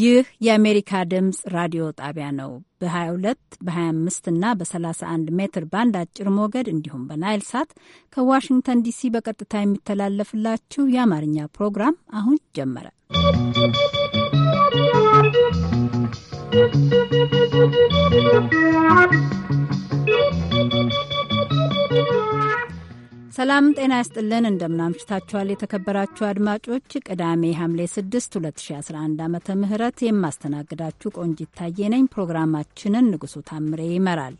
ይህ የአሜሪካ ድምፅ ራዲዮ ጣቢያ ነው። በ22 በ25 እና በ31 ሜትር ባንድ አጭር ሞገድ እንዲሁም በናይል ሳት ከዋሽንግተን ዲሲ በቀጥታ የሚተላለፍላችሁ የአማርኛ ፕሮግራም አሁን ጀመረ። ¶¶ ሰላም ጤና ያስጥልን። እንደምናምሽታችኋል የተከበራችሁ አድማጮች፣ ቅዳሜ ሐምሌ 6 2011 ዓ ም የማስተናግዳችሁ ቆንጂት ታዬ ነኝ። ፕሮግራማችንን ንጉሱ ታምሬ ይመራል።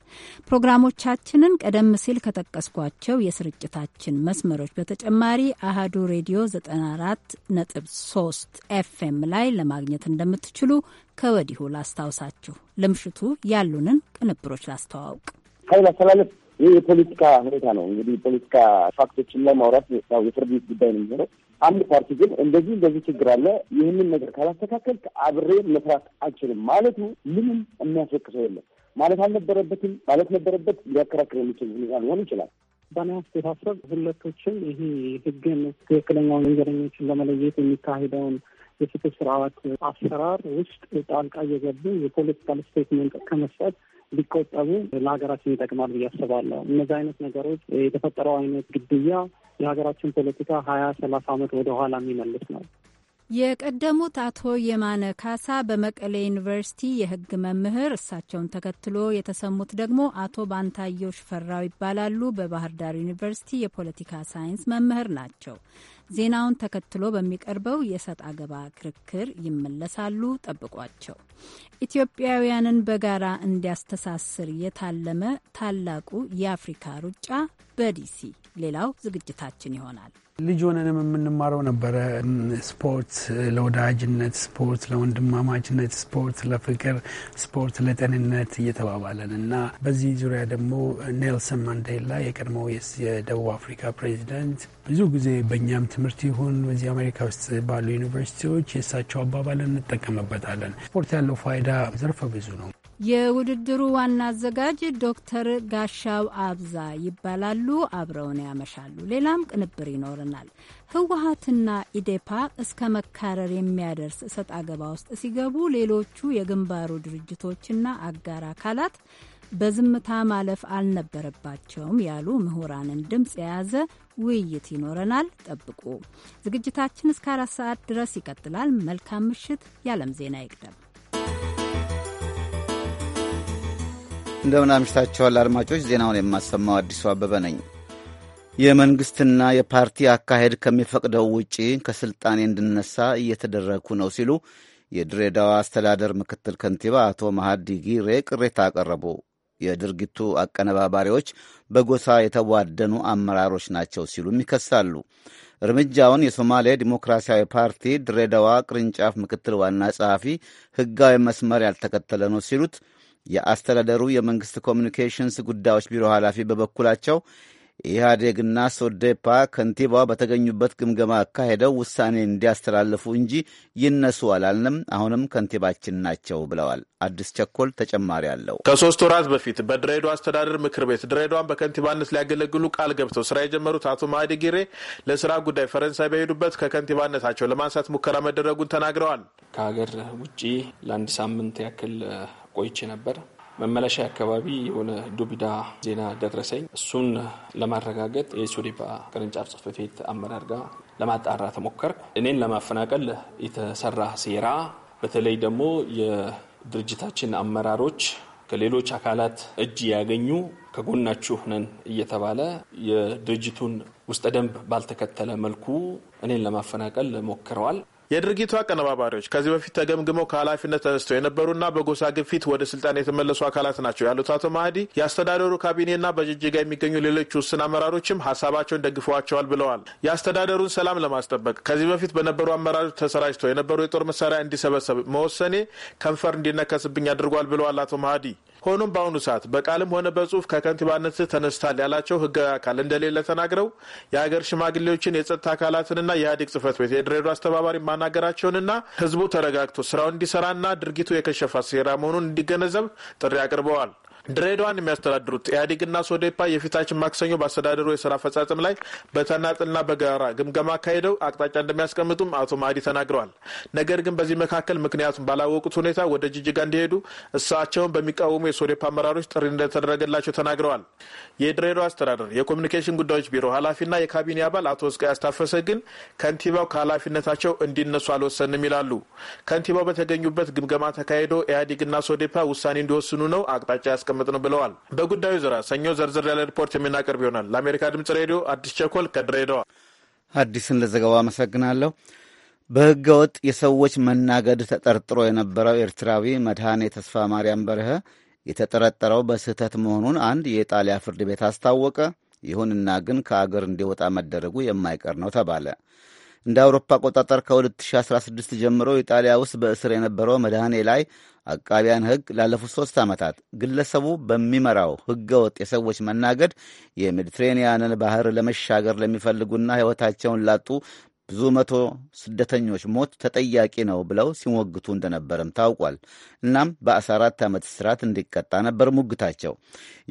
ፕሮግራሞቻችንን ቀደም ሲል ከጠቀስኳቸው የስርጭታችን መስመሮች በተጨማሪ አህዱ ሬዲዮ 94.3 ኤፍኤም ላይ ለማግኘት እንደምትችሉ ከወዲሁ ላስታውሳችሁ። ለምሽቱ ያሉንን ቅንብሮች ላስተዋውቅ ኃይል አስተላለፍ ይህ የፖለቲካ ሁኔታ ነው። እንግዲህ የፖለቲካ ፋክቶችን ላይ ማውራት ያው የፍርድ ቤት ጉዳይ ነው የሚሆነው። አንድ ፓርቲ ግን እንደዚህ እንደዚህ ችግር አለ፣ ይህንን ነገር ካላስተካከል አብሬ መስራት አይችልም ማለቱ ምንም የሚያስወቅሰው የለም። ማለት አልነበረበትም ማለት ነበረበት ሊያከራክር የሚችል ሁኔታ ሊሆን ይችላል። ባና አስተሳሰብ ሁለቶችም ይሄ ህግን ትክክለኛ ወንጀለኞችን ለመለየት የሚካሄደውን የፍትህ ስርዓት አሰራር ውስጥ ጣልቃ እየገቡ የፖለቲካል ስቴትመንት ከመስጠት ቢቆጠቡ ለሀገራችን ይጠቅማል ብዬ አስባለሁ። እነዚህ አይነት ነገሮች የተፈጠረው አይነት ግድያ የሀገራችን ፖለቲካ ሀያ ሰላሳ ዓመት ወደኋላ የሚመልስ ነው። የቀደሙት አቶ የማነ ካሳ በመቀሌ ዩኒቨርሲቲ የሕግ መምህር፣ እሳቸውን ተከትሎ የተሰሙት ደግሞ አቶ ባንታየው ሽፈራው ይባላሉ። በባህር ዳር ዩኒቨርሲቲ የፖለቲካ ሳይንስ መምህር ናቸው። ዜናውን ተከትሎ በሚቀርበው የሰጥ አገባ ክርክር ይመለሳሉ። ጠብቋቸው። ኢትዮጵያውያንን በጋራ እንዲያስተሳስር የታለመ ታላቁ የአፍሪካ ሩጫ በዲሲ ሌላው ዝግጅታችን ይሆናል። ልጅ ሆነንም የምንማረው ነበረ። ስፖርት ለወዳጅነት፣ ስፖርት ለወንድማማችነት፣ ስፖርት ለፍቅር፣ ስፖርት ለጤንነት እየተባባለን እና በዚህ ዙሪያ ደግሞ ኔልሰን ማንዴላ የቀድሞው የደቡብ አፍሪካ ፕሬዚደንት ብዙ ጊዜ በእኛም ትምህርት ይሁን በዚህ አሜሪካ ውስጥ ባሉ ዩኒቨርሲቲዎች የእሳቸው አባባልን እንጠቀምበታለን። ስፖርት ያለው ፋይዳ ዘርፈ ብዙ ነው። የውድድሩ ዋና አዘጋጅ ዶክተር ጋሻው አብዛ ይባላሉ። አብረውን ያመሻሉ። ሌላም ቅንብር ይኖረናል። ህወሀትና ኢዴፓ እስከ መካረር የሚያደርስ እሰጥ አገባ ውስጥ ሲገቡ ሌሎቹ የግንባሩ ድርጅቶችና አጋር አካላት በዝምታ ማለፍ አልነበረባቸውም ያሉ ምሁራንን ድምፅ የያዘ ውይይት ይኖረናል። ጠብቁ። ዝግጅታችን እስከ አራት ሰዓት ድረስ ይቀጥላል። መልካም ምሽት። የዓለም ዜና ይቅደም። እንደምን አምሽታችኋል አድማጮች። ዜናውን የማሰማው አዲሱ አበበ ነኝ። የመንግሥትና የፓርቲ አካሄድ ከሚፈቅደው ውጪ ከሥልጣኔ እንድነሳ እየተደረግኩ ነው ሲሉ የድሬዳዋ አስተዳደር ምክትል ከንቲባ አቶ መሃዲ ጊሬ ቅሬታ አቀረቡ። የድርጊቱ አቀነባባሪዎች በጎሳ የተቧደኑ አመራሮች ናቸው ሲሉም ይከሳሉ። እርምጃውን የሶማሌ ዲሞክራሲያዊ ፓርቲ ድሬዳዋ ቅርንጫፍ ምክትል ዋና ጸሐፊ ሕጋዊ መስመር ያልተከተለ ነው ሲሉት የአስተዳደሩ የመንግሥት ኮሚኒኬሽንስ ጉዳዮች ቢሮ ኃላፊ በበኩላቸው ኢህአዴግና ሶዴፓ ከንቲባ በተገኙበት ግምገማ አካሄደው ውሳኔ እንዲያስተላልፉ እንጂ ይነሱ አላልንም። አሁንም ከንቲባችን ናቸው ብለዋል። አዲስ ቸኮል ተጨማሪ አለው። ከሶስት ወራት በፊት በድሬዳዋ አስተዳደር ምክር ቤት ድሬዳዋን በከንቲባነት ሊያገለግሉ ቃል ገብተው ስራ የጀመሩት አቶ ማህዲ ጊሬ ለስራ ጉዳይ ፈረንሳይ በሄዱበት ከከንቲባነታቸው ለማንሳት ሙከራ መደረጉን ተናግረዋል። ከሀገር ውጭ ለአንድ ሳምንት ያክል ቆይቼ ነበር። መመለሻ አካባቢ የሆነ ዱቢዳ ዜና ደረሰኝ። እሱን ለማረጋገጥ የሱዲባ ቅርንጫፍ ጽሕፈት ቤት አመራር ጋር ለማጣራት ሞከርኩ። እኔን ለማፈናቀል የተሰራ ሴራ፣ በተለይ ደግሞ የድርጅታችን አመራሮች ከሌሎች አካላት እጅ ያገኙ ከጎናችሁ ነን እየተባለ የድርጅቱን ውስጠ ደንብ ባልተከተለ መልኩ እኔን ለማፈናቀል ሞክረዋል። የድርጊቱ አቀነባባሪዎች ከዚህ በፊት ተገምግመው ከኃላፊነት ተነስተው የነበሩና በጎሳ ግፊት ወደ ስልጣን የተመለሱ አካላት ናቸው ያሉት አቶ ማህዲ የአስተዳደሩ ካቢኔና በጅጅጋ የሚገኙ ሌሎች ውስን አመራሮችም ሀሳባቸውን ደግፈዋቸዋል ብለዋል። የአስተዳደሩን ሰላም ለማስጠበቅ ከዚህ በፊት በነበሩ አመራሮች ተሰራጅተው የነበሩ የጦር መሳሪያ እንዲሰበሰብ መወሰኔ ከንፈር እንዲነከስብኝ አድርጓል ብለዋል አቶ ማህዲ። ሆኖም በአሁኑ ሰዓት በቃልም ሆነ በጽሁፍ ከከንቲባነት ተነስታል ያላቸው ህጋዊ አካል እንደሌለ ተናግረው የሀገር ሽማግሌዎችን፣ የጸጥታ አካላትንና የኢህአዴግ ጽህፈት ቤት የድሬዳዋ አስተባባሪ ማናገራቸውንና ህዝቡ ተረጋግቶ ስራውን እንዲሰራና ድርጊቱ የከሸፋ ሴራ መሆኑን እንዲገነዘብ ጥሪ አቅርበዋል። ድሬዳዋን የሚያስተዳድሩት ኢህአዴግና ሶዴፓ የፊታችን ማክሰኞ በአስተዳደሩ የስራ አፈጻጸም ላይ በተናጥልና በጋራ ግምገማ አካሄደው አቅጣጫ እንደሚያስቀምጡም አቶ ማዲ ተናግረዋል። ነገር ግን በዚህ መካከል ምክንያቱም ባላወቁት ሁኔታ ወደ ጅጅጋ እንዲሄዱ እሳቸውን በሚቃወሙ የሶዴፓ አመራሮች ጥሪ እንደተደረገላቸው ተናግረዋል። የድሬዳዋ አስተዳደር የኮሚኒኬሽን ጉዳዮች ቢሮ ኃላፊና የካቢኔ አባል አቶ እስቃይ ያስታፈሰ ግን ከንቲባው ከኃላፊነታቸው እንዲነሱ አልወሰንም ይላሉ። ከንቲባው በተገኙበት ግምገማ ተካሂዶ ኢህአዴግና ሶዴፓ ውሳኔ እንዲወስኑ ነው አቅጣጫ ያስቀ የሚያስቀምጥ ነው ብለዋል። በጉዳዩ ዙሪያ ሰኞ ዝርዝር ያለ ሪፖርት የምናቀርብ ይሆናል። ለአሜሪካ ድምጽ ሬዲዮ አዲስ ቸኮል ከድሬዳዋ። አዲስን ዘገባው አመሰግናለሁ። በህገወጥ የሰዎች መናገድ ተጠርጥሮ የነበረው ኤርትራዊ መድኃኔ ተስፋ ማርያም በርሀ የተጠረጠረው በስህተት መሆኑን አንድ የጣሊያ ፍርድ ቤት አስታወቀ። ይሁንና ግን ከአገር እንዲወጣ መደረጉ የማይቀር ነው ተባለ። እንደ አውሮፓ አቆጣጠር ከ2016 ጀምሮ ኢጣሊያ ውስጥ በእስር የነበረው መድኃኔ ላይ አቃቢያን ሕግ ላለፉት ሶስት ዓመታት ግለሰቡ በሚመራው ወጥ የሰዎች መናገድ የሜዲትሬንያንን ባህር ለመሻገር ለሚፈልጉና ሕይወታቸውን ላጡ ብዙ መቶ ስደተኞች ሞት ተጠያቂ ነው ብለው ሲሞግቱ እንደነበርም ታውቋል። እናም በ14 ዓመት እስራት እንዲቀጣ ነበር ሙግታቸው።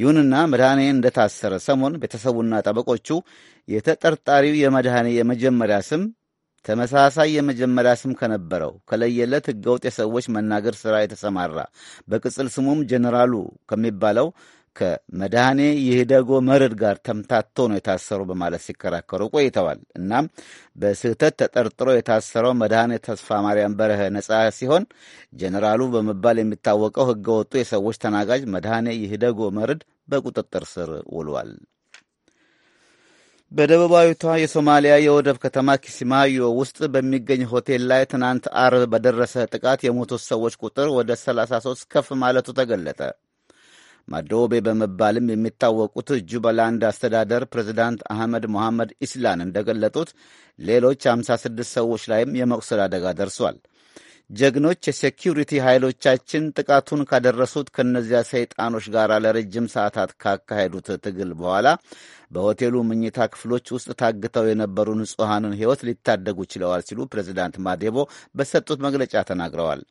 ይሁንና መድኃኔ እንደታሰረ ሰሞን ቤተሰቡና ጠበቆቹ የተጠርጣሪው የመድኃኔ የመጀመሪያ ስም ተመሳሳይ የመጀመሪያ ስም ከነበረው ከለየለት ሕገወጥ የሰዎች መናገር ሥራ የተሰማራ በቅጽል ስሙም ጀኔራሉ ከሚባለው ከመድኃኔ ይህደጎ መርድ ጋር ተምታቶ ነው የታሰሩ በማለት ሲከራከሩ ቆይተዋል። እናም በስህተት ተጠርጥሮ የታሰረው መድኃኔ ተስፋ ማርያም በረሀ ነጻ ሲሆን ጀኔራሉ በመባል የሚታወቀው ህገወጡ የሰዎች ተናጋጅ መድኃኔ ይህደጎ መርድ በቁጥጥር ስር ውሏል። በደቡባዊቷ የሶማሊያ የወደብ ከተማ ኪሲማዮ ውስጥ በሚገኝ ሆቴል ላይ ትናንት አርብ በደረሰ ጥቃት የሞቱት ሰዎች ቁጥር ወደ 33 ከፍ ማለቱ ተገለጠ። ማዶቤ በመባልም የሚታወቁት ጁባላንድ አስተዳደር ፕሬዚዳንት አህመድ ሞሐመድ ኢስላን እንደገለጡት ሌሎች 56 ሰዎች ላይም የመቁሰል አደጋ ደርሷል። ጀግኖች የሴኪሪቲ ኃይሎቻችን ጥቃቱን ካደረሱት ከእነዚያ ሰይጣኖች ጋር ለረጅም ሰዓታት ካካሄዱት ትግል በኋላ በሆቴሉ መኝታ ክፍሎች ውስጥ ታግተው የነበሩ ንጹሐንን ሕይወት ሊታደጉ ችለዋል ሲሉ ፕሬዚዳንት ማዴቦ በሰጡት መግለጫ ተናግረዋል።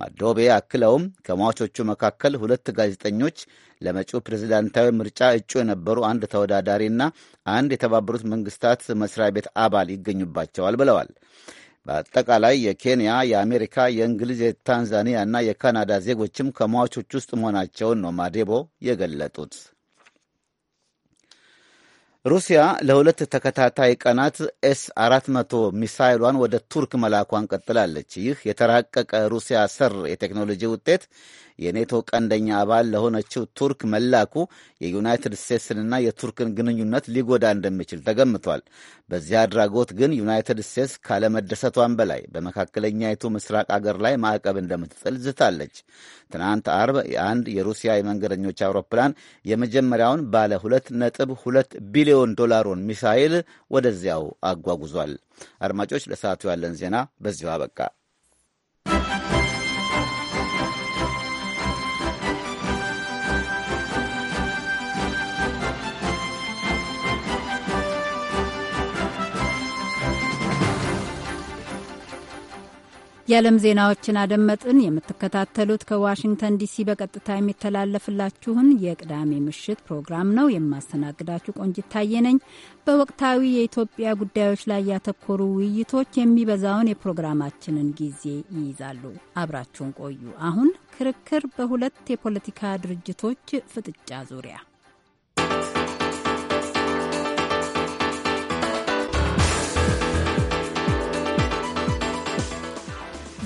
ማዶቤ አክለውም ከሟቾቹ መካከል ሁለት ጋዜጠኞች፣ ለመጪው ፕሬዝዳንታዊ ምርጫ እጩ የነበሩ አንድ ተወዳዳሪና አንድ የተባበሩት መንግስታት መስሪያ ቤት አባል ይገኙባቸዋል ብለዋል። በአጠቃላይ የኬንያ፣ የአሜሪካ፣ የእንግሊዝ፣ የታንዛኒያ እና የካናዳ ዜጎችም ከሟቾች ውስጥ መሆናቸውን ነው ማዴቦ የገለጡት። ሩሲያ ለሁለት ተከታታይ ቀናት ኤስ 400 ሚሳይሏን ወደ ቱርክ መላኳን ቀጥላለች። ይህ የተራቀቀ ሩሲያ ሰር የቴክኖሎጂ ውጤት የኔቶ ቀንደኛ አባል ለሆነችው ቱርክ መላኩ የዩናይትድ ስቴትስንና የቱርክን ግንኙነት ሊጎዳ እንደሚችል ተገምቷል። በዚህ አድራጎት ግን ዩናይትድ ስቴትስ ካለመደሰቷን በላይ በመካከለኛይቱ ምስራቅ አገር ላይ ማዕቀብ እንደምትጥል ዝታለች። ትናንት አርብ የአንድ የሩሲያ የመንገደኞች አውሮፕላን የመጀመሪያውን ባለ ሁለት ነጥብ ሁለት ቢሊዮን ዶላሩን ሚሳይል ወደዚያው አጓጉዟል። አድማጮች፣ ለሰዓቱ ያለን ዜና በዚሁ አበቃ። የዓለም ዜናዎችን አደመጥን። የምትከታተሉት ከዋሽንግተን ዲሲ በቀጥታ የሚተላለፍላችሁን የቅዳሜ ምሽት ፕሮግራም ነው። የማስተናግዳችሁ ቆንጂት ታየ ነኝ። በወቅታዊ የኢትዮጵያ ጉዳዮች ላይ ያተኮሩ ውይይቶች የሚበዛውን የፕሮግራማችንን ጊዜ ይይዛሉ። አብራችሁን ቆዩ። አሁን ክርክር በሁለት የፖለቲካ ድርጅቶች ፍጥጫ ዙሪያ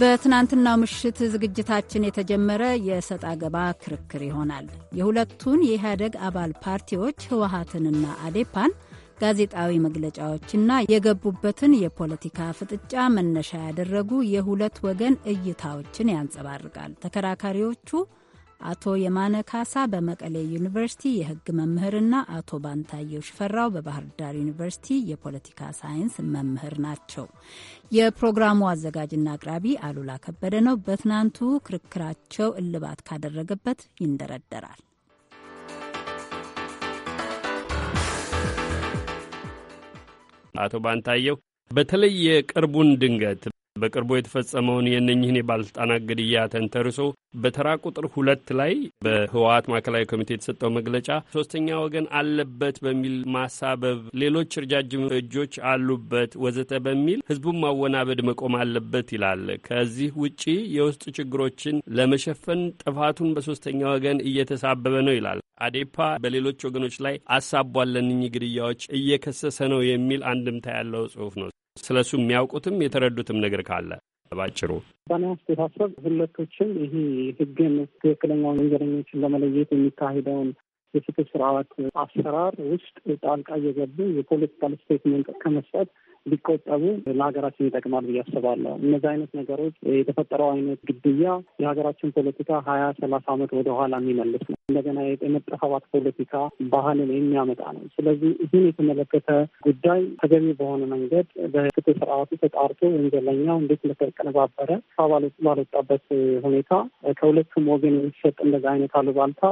በትናንትናው ምሽት ዝግጅታችን የተጀመረ የሰጥ አገባ ክርክር ይሆናል። የሁለቱን የኢህአደግ አባል ፓርቲዎች ህወሀትንና አዴፓን ጋዜጣዊ መግለጫዎችና የገቡበትን የፖለቲካ ፍጥጫ መነሻ ያደረጉ የሁለት ወገን እይታዎችን ያንጸባርቃል። ተከራካሪዎቹ አቶ የማነ ካሳ በመቀሌ ዩኒቨርሲቲ የሕግ መምህርና አቶ ባንታየው ሽፈራው በባህር ዳር ዩኒቨርሲቲ የፖለቲካ ሳይንስ መምህር ናቸው። የፕሮግራሙ አዘጋጅና አቅራቢ አሉላ ከበደ ነው። በትናንቱ ክርክራቸው እልባት ካደረገበት ይንደረደራል። አቶ ባንታየው በተለይ የቅርቡን ድንገት በቅርቡ የተፈጸመውን የእነኝህን የባለስልጣናት ግድያ ተንተርሶ በተራ ቁጥር ሁለት ላይ በህወሀት ማዕከላዊ ኮሚቴ የተሰጠው መግለጫ ሶስተኛ ወገን አለበት በሚል ማሳበብ፣ ሌሎች ረጃጅም እጆች አሉበት ወዘተ በሚል ህዝቡን ማወናበድ መቆም አለበት ይላል። ከዚህ ውጪ የውስጥ ችግሮችን ለመሸፈን ጥፋቱን በሶስተኛ ወገን እየተሳበበ ነው ይላል። አዴፓ በሌሎች ወገኖች ላይ አሳቧለንኝ ግድያዎች እየከሰሰ ነው የሚል አንድምታ ያለው ጽሁፍ ነው። ስለ እሱ የሚያውቁትም የተረዱትም ነገር ካለ ባጭሩ በኔ አስተሳሰብ ሁለቶችም ይሄ ህግን ትክክለኛ ወንጀለኞችን ለመለየት የሚካሄደውን የፍትህ ስርዓት አሰራር ውስጥ ጣልቃ እየገቡ የፖለቲካል ስቴትመንት ከመስጠት ሊቆጠቡ ለሀገራችን ይጠቅማል ብዬ አስባለሁ። እነዚህ አይነት ነገሮች የተፈጠረው አይነት ግድያ የሀገራችን ፖለቲካ ሀያ ሰላሳ ዓመት ወደኋላ የሚመልስ ነው። እንደገና የመጠፋፋት ፖለቲካ ባህልን የሚያመጣ ነው። ስለዚህ ይህን የተመለከተ ጉዳይ ተገቢ በሆነ መንገድ በፍትህ ስርዓቱ ተጣርቶ ወንጀለኛው እንዴት እንደተቀነባበረ ባልወጣበት ሁኔታ ከሁለቱም ወገን የሚሰጥ እንደዚህ አይነት አሉባልታ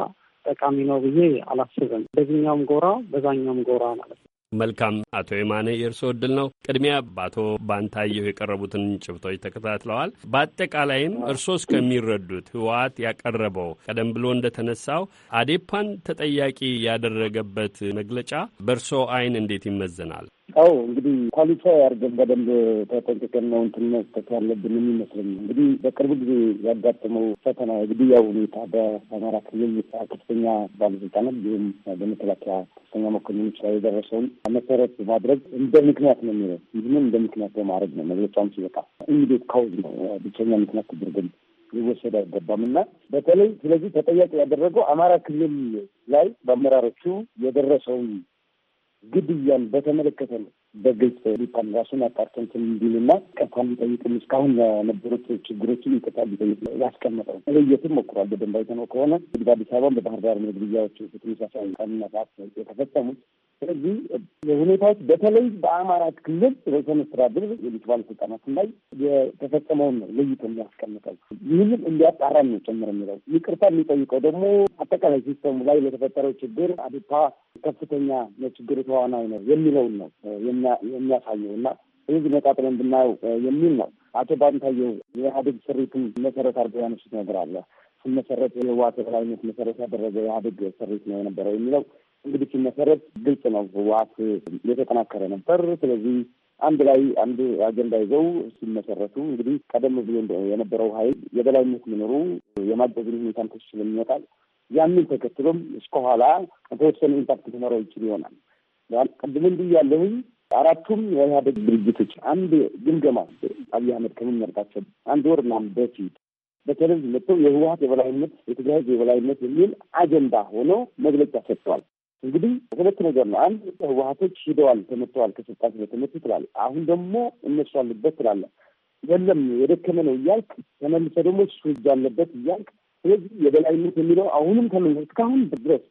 ጠቃሚ ነው ብዬ አላስብም። በዚህኛውም ጎራ በዛኛውም ጎራ ማለት ነው። መልካም አቶ የማነ የእርስዎ እድል ነው። ቅድሚያ በአቶ ባንታየሁ የቀረቡትን ጭብቶች ተከታትለዋል። በአጠቃላይም እርስዎ እስከሚረዱት ህወሓት ያቀረበው ቀደም ብሎ እንደተነሳው አዴፓን ተጠያቂ ያደረገበት መግለጫ በእርስዎ አይን እንዴት ይመዘናል? አዎ እንግዲህ ኳሊፋይ አድርገን በደንብ ተጠንቅቀን ነው እንትን መስጠት ያለብን የሚመስለኝ። እንግዲህ በቅርብ ጊዜ ያጋጠመው ፈተና የግድያ ሁኔታ በአማራ ክልል ከፍተኛ ባለስልጣናት እንዲሁም በመከላከያ ከፍተኛ መኮንኖች ላይ የደረሰውን መሰረት በማድረግ እንደ ምክንያት ነው የሚለው ይህንም እንደ ምክንያት በማድረግ ነው መግለጫም ሲበቃ ኢሚዲየት ካውዝ ነው ብቸኛ ምክንያት ተደርጎም ሊወሰድ አይገባም እና በተለይ ስለዚህ ተጠያቂ ያደረገው አማራ ክልል ላይ በአመራሮቹ የደረሰውን ግድያን በተመለከተ ነው በግልጽ ሊጣል ራሱን አጣርተን ስም እንዲልና ይቅርታ ሊጠይቅ እስካሁን ለነበሩት ችግሮችን ይቅርታ ሊጠይቅ ያስቀመጠው መለየትም ሞክሯል። በደንብ አይተነው ከሆነ እንግዲህ በአዲስ አበባ በባህር ዳር ግድያዎች ተመሳሳይ ቀንና ሰዓት የተፈጸሙት ስለዚህ ሁኔታዎች በተለይ በአማራ ክልል ርዕሰ መስተዳድር ሌሎች ባለስልጣናትን ላይ የተፈጸመውን ነው ለይቶ የሚያስቀምጠው። ይህንም እንዲያጣራ ነው ጭምር የሚለው። ይቅርታ የሚጠይቀው ደግሞ አጠቃላይ ሲስተሙ ላይ ለተፈጠረው ችግር አቤቱታ ከፍተኛ ችግሩ ተዋናዊ ነው የሚለውን ነው የሚያሳየው እና ስለዚህ መቃጥለን ብናየው የሚል ነው። አቶ ባንታየው የኢህአዴግ ስሪትን መሰረት አድርገው ያነሱት ነገር አለ። ስመሰረት የህወሓት የበላይነት መሰረት ያደረገ የኢህአዴግ ስሪት ነው የነበረው የሚለው እንግዲህ ሲመሰረት ግልጽ ነው ህወሓት የተጠናከረ ነበር። ስለዚህ አንድ ላይ አንድ አጀንዳ ይዘው ሲመሰረቱ እንግዲህ ቀደም ብሎ የነበረው ኃይል የበላይነት መኖሩ የማገዝን ሁኔታን ከሱ ስለሚመጣል ያንን ተከትሎም እስከኋላ በተወሰነ ኢምፓክት ሊኖረው ይችል ይሆናል። ቅድም እንዲህ ያለሁኝ አራቱም የኢህአዴግ ድርጅቶች አንድ ግምገማ አብይ አህመድ ከሚመርጣቸው አንድ ወር ምናምን በፊት በቴሌቪዥን መጥተው የህወሀት የበላይነት የትግራይ የበላይነት የሚል አጀንዳ ሆኖ መግለጫ ሰጥተዋል። እንግዲህ ሁለት ነገር ነው። አንድ ህወሀቶች ሂደዋል፣ ተመተዋል፣ ከስልጣን ስለተመቱ ትላለ። አሁን ደግሞ እነሱ አሉበት ትላለ። የለም የደከመ ነው እያልክ ተመልሰ ደግሞ እሱ እጅ አለበት እያልክ ስለዚህ የበላይነት የሚለው አሁንም ከ እስካሁን ድረስ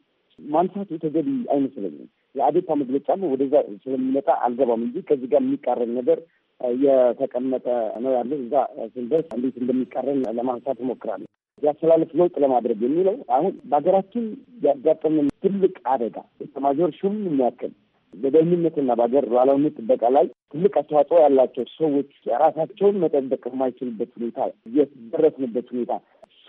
ማንሳቱ ተገቢ አይመስለኝም። የአዴፓ መግለጫ ወደዛ ስለሚመጣ አልገባም እንጂ ከዚህ ጋር የሚቃረን ነገር የተቀመጠ ነው ያለ እዛ ስንደርስ እንዴት እንደሚቃረን ለማንሳት እሞክራለሁ። የአስተላለፍ ለውጥ ለማድረግ የሚለው አሁን በሀገራችን ያጋጠመን ትልቅ አደጋ ኤታማዦር ሹም የሚያክል በደህንነትና በሀገር ሉዓላዊነት ጥበቃ ላይ ትልቅ አስተዋጽኦ ያላቸው ሰዎች ራሳቸውን መጠበቅ የማይችልበት ሁኔታ የደረስንበት ሁኔታ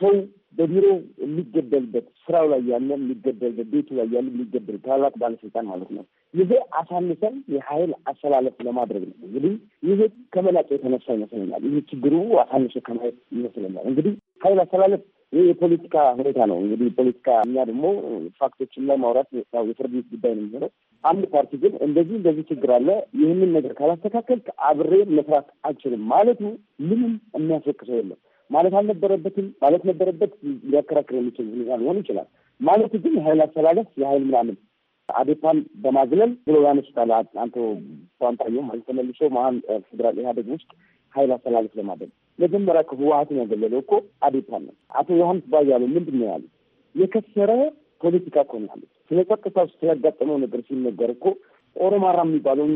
ሰው በቢሮ የሚገደልበት ስራው ላይ ያለ የሚገደልበት ቤቱ ላይ ያለ የሚገደል ታላቅ ባለስልጣን ማለት ነው። ይሄ አሳንሰን የሀይል አሰላለፍ ለማድረግ ነው። እንግዲህ ይሄ ከመላጭ የተነሳ ይመስለኛል። ይህ ችግሩ አሳንሶ ከማየት ይመስለኛል። እንግዲህ ሀይል አሰላለፍ ይህ የፖለቲካ ሁኔታ ነው። እንግዲህ ፖለቲካ እኛ ደግሞ ፋክቶችን ላይ ማውራት የፍርድ ቤት ጉዳይ ነው የሚሆነው። አንድ ፓርቲ ግን እንደዚህ እንደዚህ ችግር አለ፣ ይህንን ነገር ካላስተካከል አብሬ መስራት አልችልም ማለቱ ምንም የሚያስወቅሰው የለም። ማለት አልነበረበትም ማለት ነበረበት ሊያከራክር የሚችል ሁኔታ ሊሆን ይችላል። ማለት ግን የሀይል አስተላለፍ የሀይል ምናምን አዴፓን በማግለል ብሎ ያነሱታል። አንተ ፓንታየ ማለት ተመልሶ መሀል ፌዴራል ኢህአዴግ ውስጥ ሀይል አስተላለፍ ለማድረግ መጀመሪያ ከህወሀትን ያገለለው እኮ አዴፓን ነው። አቶ ዮሀንስ ባያሉ ምንድን ነው ያሉት? የከሰረ ፖለቲካ እኮ ነው ያሉት። ስለ ጸጥታ ውስጥ ስላጋጠመው ነገር ሲነገር እኮ ኦሮማራ የሚባለውን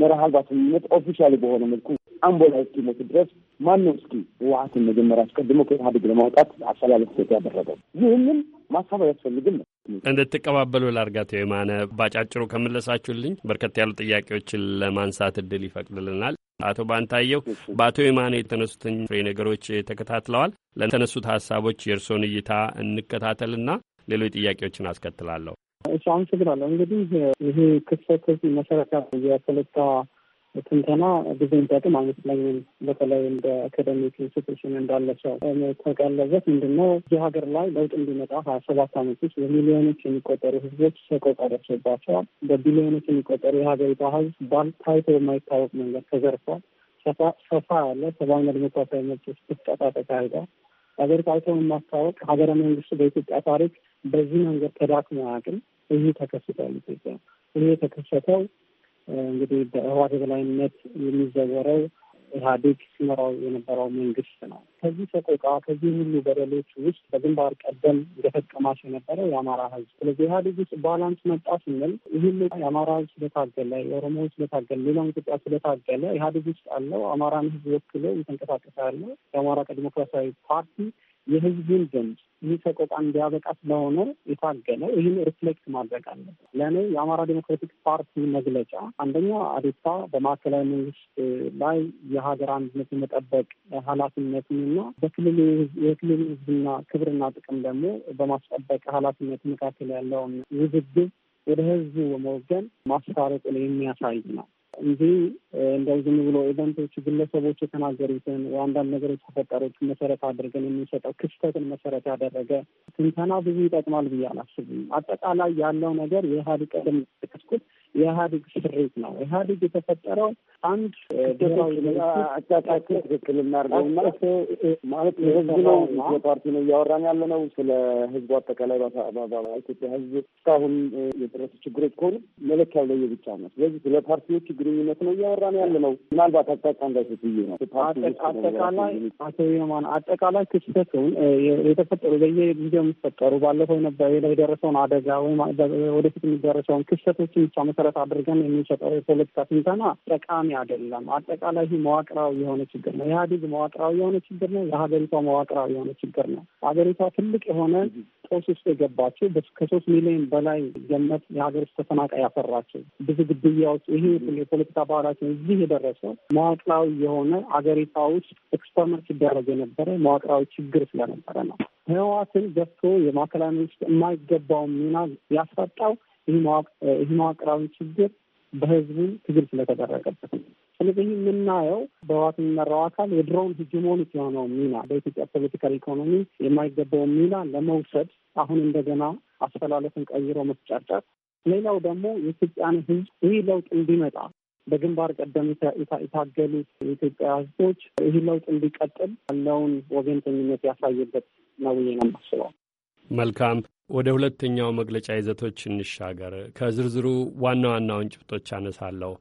መርሃ አልባ ስምምነት ኦፊሻል በሆነ መልኩ አምቦ ላይ እስኪሞት ድረስ ማነው እስኪ ህወሀትን መጀመሪያ አስቀድሞ ከኢህአዴግ ለማውጣት አሰላለፍ ሴት ያደረገው? ይህንን ማሳብ አያስፈልግም ነው እንድትቀባበሉ ላርጋቶ የማነ ባጫጭሩ ከመለሳችሁልኝ በርከት ያሉ ጥያቄዎችን ለማንሳት እድል ይፈቅድልናል። አቶ ባንታየው በአቶ የማነ የተነሱትን ፍሬ ነገሮች ተከታትለዋል። ለተነሱት ሀሳቦች የእርስዎን እይታ እንከታተልና ሌሎች ጥያቄዎችን አስከትላለሁ። እሺ፣ አመሰግናለሁ። እንግዲህ ይሄ ክስተት መሰረታ የፖለቲካ ትንተና ብዙ የሚጠቅም አይመስለኝም። በተለይ እንደ አካደሚክ ኢንስቲቱሽን እንዳለ ሰው መታወቅ ያለበት ምንድነው እዚህ ሀገር ላይ ለውጥ እንዲመጣ ሀያ ሰባት አመት ውስጥ በሚሊዮኖች የሚቆጠሩ ህዝቦች ሰቆቃ ደርሶባቸዋል። በቢሊዮኖች የሚቆጠሩ የሀገሪቷ ህዝብ ባልታይቶ የማይታወቅ መንገድ ተዘርፏል። ሰፋ ያለ ሰብአዊና ዲሞክራሲያዊ መብቶች ጥሰት ተካሂዷል። ሀገር ታይቶ የማስታወቅ ሀገረ መንግስቱ በኢትዮጵያ ታሪክ በዚህ መንገድ ተዳክሞ አያውቅም። ይህ ተከስቷል። ኢትዮጵያ ይህ የተከሰተው እንግዲህ በህዋት የበላይነት የሚዘወረው ኢህአዴግ ሲመራው የነበረው መንግስት ነው። ከዚህ ሰቆቃ ከዚህ ሁሉ በደሎች ውስጥ በግንባር ቀደም እንደተቀማቸው የነበረው የአማራ ህዝብ። ስለዚህ ኢህአዴግ ውስጥ ባላንስ መጣ ስንል ይህም የአማራ ህዝብ ስለታገለ፣ የኦሮሞ ህዝብ ስለታገለ፣ ሌላም ኢትዮጵያ ስለታገለ ኢህአዴግ ውስጥ አለው አማራን ህዝብ ወክሎ እየተንቀሳቀሰ ያለው የአማራ ዲሞክራሲያዊ ፓርቲ የህዝብን ድምፅ ይህ ሰቆቃ እንዲያበቃ ስለሆነ የታገለ ይህን ሪፍሌክት ማድረግ አለበት። ለእኔ የአማራ ዴሞክራቲክ ፓርቲ መግለጫ አንደኛ አዴፓ በማዕከላዊ መንግስት ላይ የሀገር አንድነት የመጠበቅ ኃላፊነትንና በክልሉ የክልሉ ህዝብና ክብርና ጥቅም ደግሞ በማስጠበቅ ኃላፊነት መካከል ያለውን ውዝግብ ወደ ህዝቡ በመወገን ማስታረቁን የሚያሳይ ነው። እንጂ እንደው ዝም ብሎ ኤቨንቶች ግለሰቦች የተናገሩትን የአንዳንድ ነገሮች ተፈጠሮች መሰረት አድርገን የሚሰጠው ክስተትን መሰረት ያደረገ ትንተና ብዙ ይጠቅማል ብዬ አላስብም። አጠቃላይ ያለው ነገር የኢህአዴግ ቀደም ጠቀስኩት የኢህአዴግ ስሬት ነው። ኢህአዴግ የተፈጠረው አንድ አጫጫችን ትክክል እናድርገውና ማለት የህዝብ ነው የፓርቲ ነው እያወራን ያለ ነው። ስለ ህዝቡ አጠቃላይ ኢትዮጵያ ህዝብ እስካሁን የደረሱ ችግሮች ከሆኑ መለኪያው ለየብቻ ነው። ስለዚህ ስለ ፓርቲዎች ግንኙነት ነው እያወራን ያለ ነው። ምናልባት አጣቃ እንዳይሰትዬ ነው አጠቃላይ አቶ የማን አጠቃላይ ክስተቱን የተፈጠሩ በየጊዜው የሚፈጠሩ ባለፈው ነበር የደረሰውን አደጋ ወይም ወደፊት የሚደረሰውን ክስተቶችን ብቻ መሰረት አድርገን የሚሰጠው የፖለቲካ ትንተና ጠቃሚ አይደለም። አጠቃላይ ይህ መዋቅራዊ የሆነ ችግር ነው። ኢህአዴግ መዋቅራዊ የሆነ ችግር ነው። የሀገሪቷ መዋቅራዊ የሆነ ችግር ነው። ሀገሪቷ ትልቅ የሆነ ቀውስ ውስጥ የገባቸው ከሶስት ሚሊዮን በላይ ገመት የሀገር ውስጥ ተፈናቃይ ያፈራቸው ብዙ ግድያዎች፣ ይሄ የፖለቲካ ባህላችን እዚህ የደረሰው መዋቅራዊ የሆነ አገሪቷ ውስጥ ኤክስፐርመንት ሲደረግ የነበረ መዋቅራዊ ችግር ስለነበረ ነው። ህወሓትን ገብቶ የማዕከላዊ ውስጥ የማይገባውን ሚና ያስፈጣው ይህ መዋቅራዊ ችግር በህዝቡ ትግል ስለተደረገበት ነው። ስለዚህ የምናየው በህወሓት የሚመራው አካል የድሮውን ሂጂሞኒክ የሆነው ሚና በኢትዮጵያ ፖለቲካል ኢኮኖሚ የማይገባውን ሚና ለመውሰድ አሁን እንደገና አስተላለፍን ቀይሮ መስጫጫት። ሌላው ደግሞ የኢትዮጵያን ሕዝብ ይህ ለውጥ እንዲመጣ በግንባር ቀደም የታገሉት የኢትዮጵያ ሕዝቦች ይህ ለውጥ እንዲቀጥል ያለውን ወገንተኝነት ያሳየበት ነው ብዬ ነው የማስበው። መልካም ወደ ሁለተኛው መግለጫ ይዘቶች እንሻገር። ከዝርዝሩ ዋና ዋናውን ጭብጦች አነሳለሁ።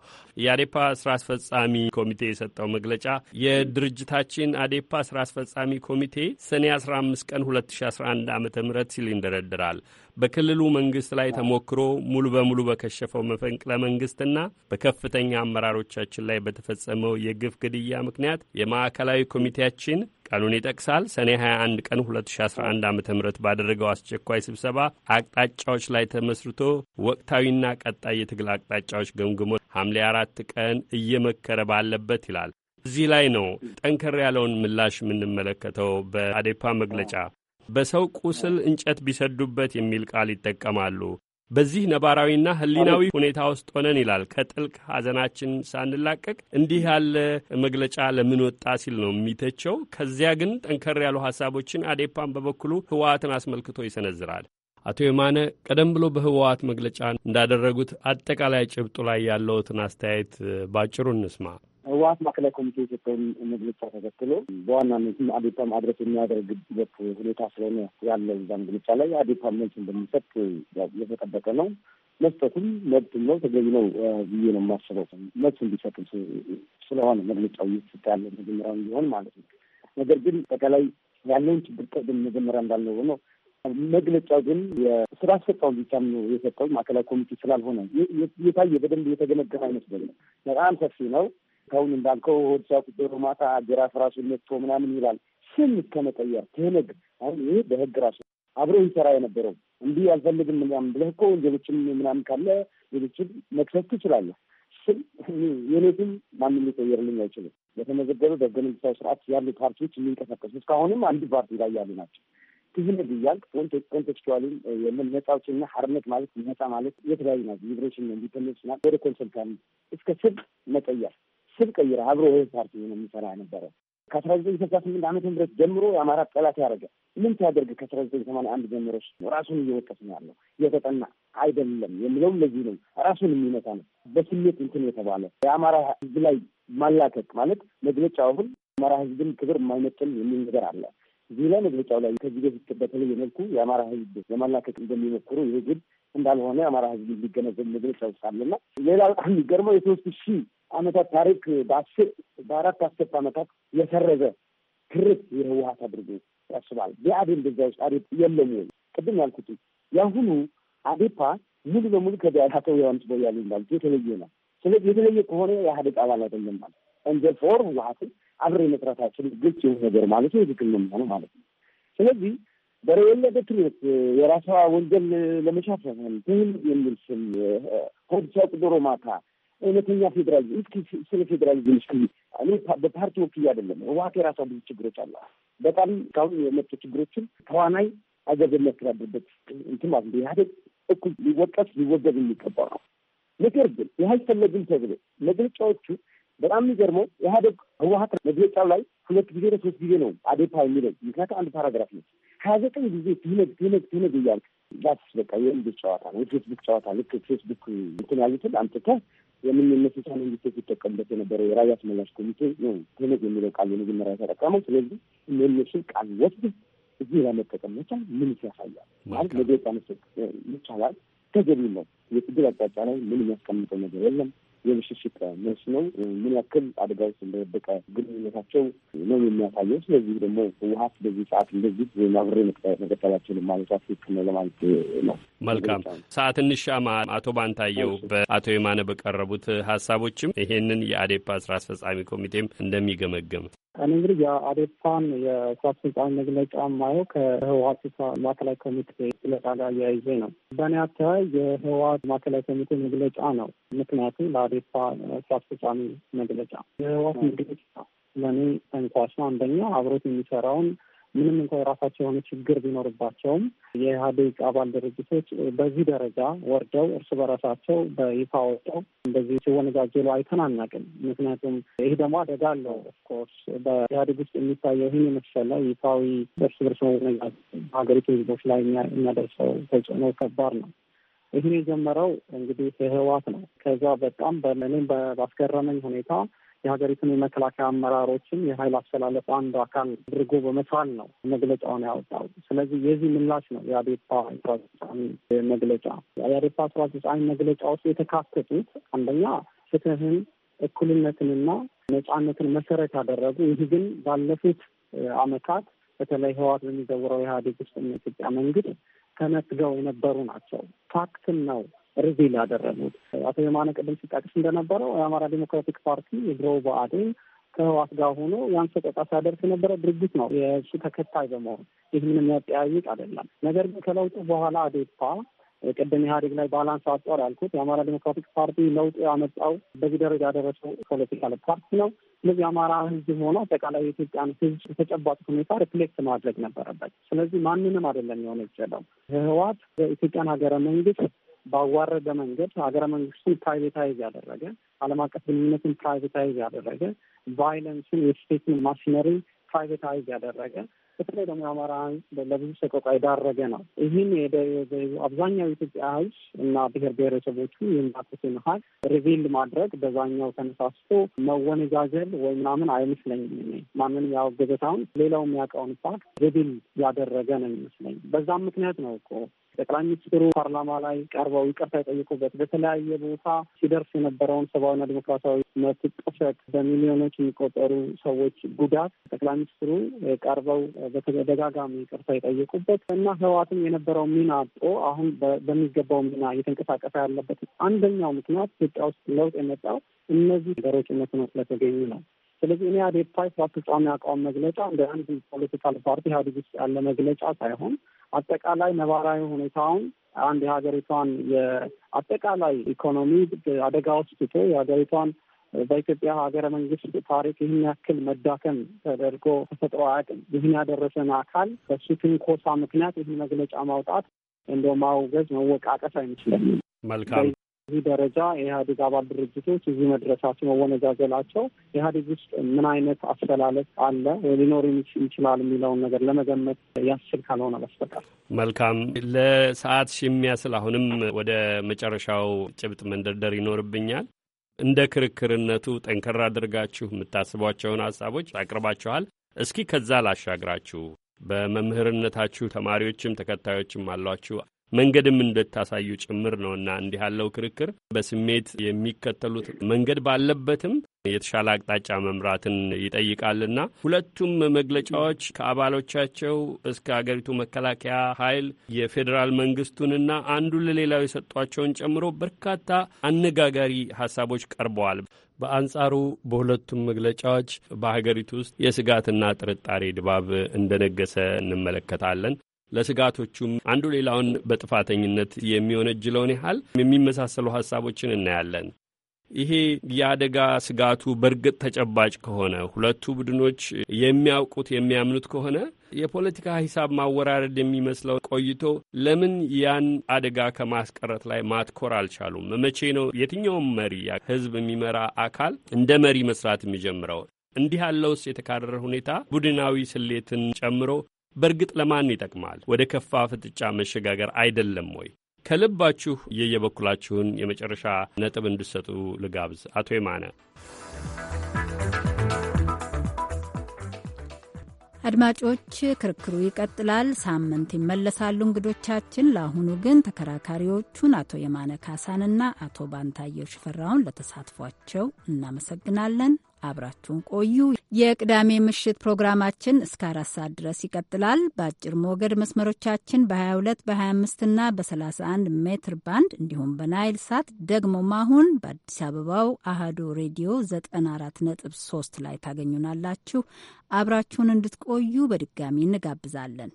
የአዴፓ ስራ አስፈጻሚ ኮሚቴ የሰጠው መግለጫ የድርጅታችን አዴፓ ስራ አስፈጻሚ ኮሚቴ ሰኔ 15 ቀን 2011 ዓ ም ሲል ይንደረድራል። በክልሉ መንግስት ላይ ተሞክሮ ሙሉ በሙሉ በከሸፈው መፈንቅለ መንግስትና በከፍተኛ አመራሮቻችን ላይ በተፈጸመው የግፍ ግድያ ምክንያት የማዕከላዊ ኮሚቴያችን ቀኑን ይጠቅሳል ሰኔ 21 ቀን 2011 ዓ ም ባደረገው አስቸኳይ ስብሰባ አቅጣጫዎች ላይ ተመስርቶ ወቅታዊና ቀጣይ የትግል አቅጣጫዎች ገምግሞ ሐምሌ አራት ቀን እየመከረ ባለበት ይላል። እዚህ ላይ ነው ጠንከር ያለውን ምላሽ የምንመለከተው። በአዴፓ መግለጫ በሰው ቁስል እንጨት ቢሰዱበት የሚል ቃል ይጠቀማሉ። በዚህ ነባራዊና ሕሊናዊ ሁኔታ ውስጥ ሆነን ይላል ከጥልቅ ሐዘናችን ሳንላቀቅ እንዲህ ያለ መግለጫ ለምን ወጣ ሲል ነው የሚተቸው። ከዚያ ግን ጠንከር ያሉ ሀሳቦችን አዴፓን በበኩሉ ህወሓትን አስመልክቶ ይሰነዝራል። አቶ የማነ ቀደም ብሎ በህወሓት መግለጫ እንዳደረጉት አጠቃላይ ጭብጡ ላይ ያለውትን አስተያየት ባጭሩ እንስማ። ህወሀት ማዕከላዊ ኮሚቴ የሰጠውን መግለጫ ተከትሎ በዋናነት አዴፓ ማድረስ የሚያደርግበት ሁኔታ ስለሆነ ያለው እዛ መግለጫ ላይ አዴፓ መልስ እንደሚሰጥ የተጠበቀ ነው። መስጠቱም መብትም ነው ተገቢ ነው ብዬ ነው የማስበው። መልስ እንዲሰጥ ስለሆነ መግለጫው እየተሰጠ ያለ መጀመሪያ እንዲሆን ማለት ነው። ነገር ግን አጠቃላይ ያለውን ችግር ቀድም መጀመሪያ እንዳለው ሆኖ መግለጫው ግን የስራ አስፈጻሚ ብቻ ነው የሰጠው ማዕከላዊ ኮሚቴ ስላልሆነ የታየ በደንብ የተገመገመ አይመስለኝም። በጣም ሰፊ ነው። እስካሁን እንዳልከው ሆድ ሳቁበሮ ማታ ጅራፍ ራሱን ነጥቶ ምናምን ይላል። ስም እስከመቀየር ትህነግ አሁን ይሄ በህግ ራሱ አብሮ ይሰራ የነበረው እንዲህ ያልፈልግም ምናምን ብለህ እኮ ወንጀሎችም ምናምን ካለ ሌሎችም መክሰስ ትችላለህ። ስም የኔትም ማንም ሊቀየርልኝ አይችልም። በተመዘገበ በህገ መንግስታዊ ስርዓት ያሉ ፓርቲዎች የሚንቀሳቀሱ እስካሁንም አንድ ፓርቲ ላይ ያሉ ናቸው። ትዝነት እያል ኮንቴክስቹዋሊም የምን ነፃዎችና ሀርነት ማለት ነጻ ማለት የተለያዩ ናቸው። ሊብሬሽን ኢንዲፐንደንስ ወደ ኮንሰልታንት እስከ ስብ መቀየር ስብ ቀይረ አብሮ ወይ ፓርቲ ነው የሚሰራ ነበረ። ከአስራ ዘጠኝ ስልሳ ስምንት ዓመተ ምህረት ጀምሮ የአማራ ጠላት ያደረገ ምን ሲያደርግ ከአስራ ዘጠኝ ሰማንያ አንድ ጀምሮ ራሱን እየወቀስ ነው ያለው። የተጠና አይደለም የሚለውም ለዚህ ነው። ራሱን የሚመታ ነው። በስሜት እንትን የተባለ የአማራ ህዝብ ላይ ማላከቅ ማለት መግለጫ አሁን የአማራ ህዝብን ክብር የማይመጥን የሚል ነገር አለ እዚህ ላይ መግለጫው ላይ ከዚህ በፊት በተለየ መልኩ የአማራ ህዝብ ለማላከቅ እንደሚሞክሩ ይህ ግድ እንዳልሆነ የአማራ ህዝብ እንዲገነዘብ መግለጫ ውስጥ አለና ሌላ በጣም የሚገርመው የሶስት ሺህ አመታት ታሪክ በአስር በአራት አስርት አመታት የሰረዘ ክርት የህወሀት አድርጎ ያስባል። ብአዴን በዛ ውስጥ አዴ የለም ወይ ቅድም ያልኩት የአሁኑ አዴፓ ሙሉ በሙሉ ከአቶ ዮሐንስ ቦያሌ እንዳሉት የተለየ ነው። ስለዚህ የተለየ ከሆነ የኢህአዴግ አባል አይደለም ማለት እንደ ፎር ህወሀትን አብሬ መስራታችን ግልጽ የሆነ ነገር ማለት ነው። ትክክል ነው የሚሆነው ማለት ነው። ስለዚህ በለወለደ ትምህርት የራሷ ወንጀል ለመሻፈን ትህል የሚል ስም ሆድ ሲያውቅ ዶሮ ማታ እውነተኛ ፌዴራሊዝም እስኪ ስለ ፌዴራሊዝም እስኪ እኔ በፓርቲ ወክዬ አይደለም ህወሀት የራሷ ብዙ ችግሮች አለ። በጣም ካሁን የመጡ ችግሮችን ተዋናይ አገር የሚያስተዳድርበት እንትን ማለት ነው። ኢህአዴግ እኩል ሊወቀስ ሊወገዝ የሚገባ ነው። ነገር ግን ይህ አይፈለግም ተብሎ መግለጫዎቹ በጣም የሚገርመው ኢህአዴግ ህወሀት መግለጫው ላይ ሁለት ጊዜ ነው ሶስት ጊዜ ነው አዴፓ የሚለው ምክንያቱም አንድ ፓራግራፍ ነው። ሀያ ዘጠኝ ጊዜ ትህነግ ትህነግ ትህነግ እያልክ ዛስ በቃ የእንድ ጨዋታ ነው፣ የፌስቡክ ጨዋታ ልክ ፌስቡክ እንትን ያሉትን አንተተህ የምን የነሱሳ መንግስት ሲጠቀምበት የነበረው የራዕይ አስመላሽ ኮሚቴ ነው ትህነት የሚለው ቃል የመጀመሪያ የተጠቀመው። ስለዚህ የነሱን ቃል ወስድ እዚህ ለመጠቀም መቻል ምን ያሳያል ማለት መግለጫ መሰጥ ይቻላል። ተገቢ ነው። የትግል አቅጣጫ ላይ ምን የሚያስቀምጠው ነገር የለም። የብሽሽቅ መልስ ነው። ምን ያክል አደጋ ውስጥ እንደወደቀ ግንኙነታቸው ነው የሚያሳየው። ስለዚህ ደግሞ ህወሀት በዚህ ሰዓት እንደዚህ ማብሬ መቀጠላቸውን ማለቷ ትክክል ነው ለማለት ነው። መልካም ሰዓት እንሻማ። አቶ ባንታየው በአቶ የማነ በቀረቡት ሀሳቦችም ይሄንን የአዴፓ ስራ አስፈጻሚ ኮሚቴም እንደሚገመገም እኔ እንግዲህ የአዴፓን የስራ አስፈጻሚ መግለጫ ማየው ከህወሀት ስራ ማዕከላዊ ኮሚቴ መግለጫ ጋር አያይዤ ነው። በእኔ አተያይ የህወሀት ማዕከላዊ ኮሚቴ መግለጫ ነው። ምክንያቱም ለአዴፓ ስራ አስፈጻሚ መግለጫ የህወሀት መግለጫ ለእኔ ተንኳሽ ነው። አንደኛ አብሮት የሚሰራውን ምንም እንኳ የራሳቸው የሆነ ችግር ቢኖርባቸውም የኢህአዴግ አባል ድርጅቶች በዚህ ደረጃ ወርደው እርስ በራሳቸው በይፋ ወጥተው እንደዚህ ሲወነጃጀሉ አይተናናቅም። ምክንያቱም ይህ ደግሞ አደጋ አለው። ኦፍኮርስ በኢህአዴግ ውስጥ የሚታየው ይህን የመሰለ ይፋዊ እርስ በርስ መወነጃጀል ሀገሪቱ ህዝቦች ላይ የሚያደርሰው ተጽዕኖ ከባድ ነው። ይህን የጀመረው እንግዲህ ህወሓት ነው። ከዛ በጣም በምንም ባስገረመኝ ሁኔታ የሀገሪቱን የመከላከያ አመራሮችን የሀይል አሰላለፍ አንዱ አካል አድርጎ በመቷል ነው መግለጫውን ያወጣው። ስለዚህ የዚህ ምላሽ ነው የአዴፓ አስራ ዘጠኝ መግለጫ። የአዴፓ አስራ ዘጠኝ መግለጫ ውስጥ የተካተቱት አንደኛ ፍትህን፣ እኩልነትንና ነጻነትን መሰረት ያደረጉ ይህ ግን ባለፉት አመታት በተለይ ህወሓት በሚዘውረው ኢህአዴግ ውስጥ ኢትዮጵያ መንግስት ተነፍገው የነበሩ ናቸው። ፋክትም ነው ሪቪል ያደረጉት አቶ የማነ ቅድም ሲጠቅስ እንደነበረው የአማራ ዴሞክራቲክ ፓርቲ የድሮ ብአዴን ከህዋት ጋር ሆኖ ያን ሰቆቃ ሲያደርስ የነበረ ድርጅት ነው። የእሱ ተከታይ በመሆን ይህ ምንም የሚያጠያይቅ አይደለም። ነገር ግን ከለውጡ በኋላ አዴፓ ቅድም ኢህአዴግ ላይ ባላንስ አጧር ያልኩት የአማራ ዴሞክራቲክ ፓርቲ ለውጡ ያመጣው በዚህ ደረጃ ያደረሰው ፖለቲካል ፓርቲ ነው። ስለዚህ የአማራ ህዝብ ሆኖ አጠቃላይ የኢትዮጵያን ህዝብ ተጨባጭ ሁኔታ ሪፍሌክት ማድረግ ነበረበት። ስለዚህ ማንንም አይደለም የሆነ ይችለው ህወሓት በኢትዮጵያን ሀገረ መንግስት ባዋረደ መንገድ ሀገረ መንግስቱን ፕራይቬታይዝ ያደረገ ዓለም አቀፍ ግንኙነትን ፕራይቬታይዝ ያደረገ ቫይለንስን የስቴትን ማሽነሪ ፕራይቬታይዝ ያደረገ በተለይ ደግሞ የአማራ ለብዙ ሰቆቃ የዳረገ ነው። ይህን አብዛኛው ኢትዮጵያ ሕዝብ እና ብሔር ብሔረሰቦቹ የምናቁት መሀል ሪቪል ማድረግ በዛኛው ተነሳስቶ መወነጃጀል ወይ ምናምን አይመስለኝም። ማንንም ያወገዘታውን ሌላው የሚያውቀውን ፋክት ሪቪል ያደረገ ነው ይመስለኝ። በዛም ምክንያት ነው እኮ ጠቅላይ ሚኒስትሩ ፓርላማ ላይ ቀርበው ይቅርታ የጠየቁበት በተለያየ ቦታ ሲደርስ የነበረውን ሰብአዊና ዲሞክራሲያዊ መብት ጥሰት፣ በሚሊዮኖች የሚቆጠሩ ሰዎች ጉዳት ጠቅላይ ሚኒስትሩ ቀርበው በተደጋጋሚ ይቅርታ የጠየቁበት እና ህወሓትም የነበረው ሚና አጦ አሁን በሚገባው ሚና እየተንቀሳቀሰ ያለበት አንደኛው ምክንያት ኢትዮጵያ ውስጥ ለውጥ የመጣው እነዚህ ነገሮች እውነት ነው ስለተገኙ ነው። ስለዚህ እኔ አዴፓ የስራ አስፈጻሚ አቋም መግለጫ እንደ አንድ ፖለቲካል ፓርቲ ኢህአዴግ ውስጥ ያለ መግለጫ ሳይሆን አጠቃላይ ነባራዊ ሁኔታውን አንድ የሀገሪቷን የአጠቃላይ ኢኮኖሚ አደጋ ውስጥ ትቶ የሀገሪቷን በኢትዮጵያ ሀገረ መንግስት ታሪክ ይህን ያክል መዳከም ተደርጎ ተፈጥሮ አያውቅም። ይህን ያደረሰን አካል በሱ ትንኮሳ ምክንያት ይህን መግለጫ ማውጣት እንደ ማውገዝ መወቃቀስ አይመስለኝም። መልካም በዚህ ደረጃ የኢህአዴግ አባል ድርጅቶች እዚህ መድረሳቸው መወነጃጀላቸው ኢህአዴግ ውስጥ ምን አይነት አስተላለፍ አለ ሊኖር ይችላል የሚለውን ነገር ለመገመት ያስችል ካልሆነ በስተቀር። መልካም ለሰዓት የሚያስል አሁንም ወደ መጨረሻው ጭብጥ መንደርደር ይኖርብኛል። እንደ ክርክርነቱ ጠንከር አድርጋችሁ የምታስቧቸውን ሀሳቦች አቅርባችኋል። እስኪ ከዛ ላሻግራችሁ። በመምህርነታችሁ ተማሪዎችም ተከታዮችም አሏችሁ። መንገድም እንድታሳዩ ጭምር ነውና እንዲህ ያለው ክርክር በስሜት የሚከተሉት መንገድ ባለበትም የተሻለ አቅጣጫ መምራትን ይጠይቃልና ሁለቱም መግለጫዎች ከአባሎቻቸው እስከ አገሪቱ መከላከያ ኃይል የፌዴራል መንግስቱንና አንዱ ለሌላው የሰጧቸውን ጨምሮ በርካታ አነጋጋሪ ሀሳቦች ቀርበዋል። በአንጻሩ በሁለቱም መግለጫዎች በሀገሪቱ ውስጥ የስጋትና ጥርጣሬ ድባብ እንደነገሰ እንመለከታለን። ለስጋቶቹም አንዱ ሌላውን በጥፋተኝነት የሚወነጅለውን ያህል የሚመሳሰሉ ሀሳቦችን እናያለን። ይሄ የአደጋ ስጋቱ በእርግጥ ተጨባጭ ከሆነ ሁለቱ ቡድኖች የሚያውቁት የሚያምኑት ከሆነ የፖለቲካ ሂሳብ ማወራረድ የሚመስለው ቆይቶ ለምን ያን አደጋ ከማስቀረት ላይ ማትኮር አልቻሉም? መቼ ነው የትኛውም መሪ ህዝብ የሚመራ አካል እንደ መሪ መስራት የሚጀምረው? እንዲህ ያለውስ የተካረረ ሁኔታ ቡድናዊ ስሌትን ጨምሮ በእርግጥ ለማን ይጠቅማል? ወደ ከፋ ፍጥጫ መሸጋገር አይደለም ወይ? ከልባችሁ የየበኩላችሁን የመጨረሻ ነጥብ እንድሰጡ ልጋብዝ። አቶ የማነ አድማጮች፣ ክርክሩ ይቀጥላል። ሳምንት ይመለሳሉ እንግዶቻችን። ለአሁኑ ግን ተከራካሪዎቹን አቶ የማነ ካሳንና አቶ ባንታየው ሽፈራውን ለተሳትፏቸው እናመሰግናለን። አብራችሁን ቆዩ። የቅዳሜ ምሽት ፕሮግራማችን እስከ አራት ሰዓት ድረስ ይቀጥላል። በአጭር ሞገድ መስመሮቻችን በ22 በ25 እና በ31 ሜትር ባንድ እንዲሁም በናይል ሳት ደግሞም አሁን በአዲስ አበባው አህዶ ሬዲዮ 94.3 ላይ ታገኙናላችሁ። አብራችሁን እንድትቆዩ በድጋሚ እንጋብዛለን።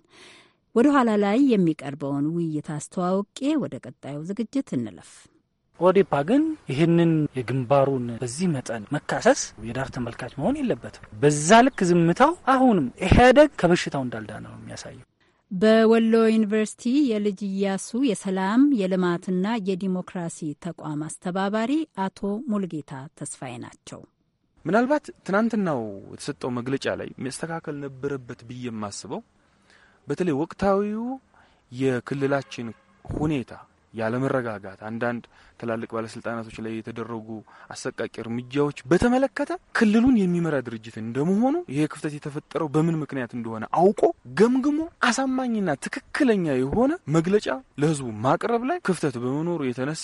ወደ ኋላ ላይ የሚቀርበውን ውይይት አስተዋውቄ ወደ ቀጣዩ ዝግጅት እንለፍ። ኦዴፓ ግን ይህንን የግንባሩን በዚህ መጠን መካሰስ የዳር ተመልካች መሆን የለበትም። በዛ ልክ ዝምታው አሁንም ኢህአዴግ ከበሽታው እንዳልዳ ነው የሚያሳየው። በወሎ ዩኒቨርሲቲ የልጅ እያሱ የሰላም የልማትና የዲሞክራሲ ተቋም አስተባባሪ አቶ ሙልጌታ ተስፋዬ ናቸው። ምናልባት ትናንትናው የተሰጠው መግለጫ ላይ መስተካከል ነበረበት ብዬ የማስበው በተለይ ወቅታዊው የክልላችን ሁኔታ ያለመረጋጋት አንዳንድ ትላልቅ ባለስልጣናቶች ላይ የተደረጉ አሰቃቂ እርምጃዎች በተመለከተ ክልሉን የሚመራ ድርጅት እንደመሆኑ ይሄ ክፍተት የተፈጠረው በምን ምክንያት እንደሆነ አውቆ ገምግሞ አሳማኝና ትክክለኛ የሆነ መግለጫ ለህዝቡ ማቅረብ ላይ ክፍተት በመኖሩ የተነሳ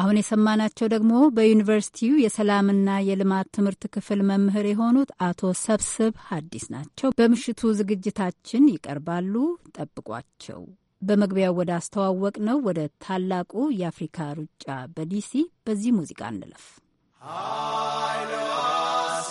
አሁን የሰማናቸው ደግሞ በዩኒቨርሲቲው የሰላምና የልማት ትምህርት ክፍል መምህር የሆኑት አቶ ሰብስብ ሀዲስ ናቸው። በምሽቱ ዝግጅታችን ይቀርባሉ። ጠብቋቸው። በመግቢያው ወደ አስተዋወቅ ነው ወደ ታላቁ የአፍሪካ ሩጫ በዲሲ በዚህ ሙዚቃ እንለፍ። ሀይለዋሴ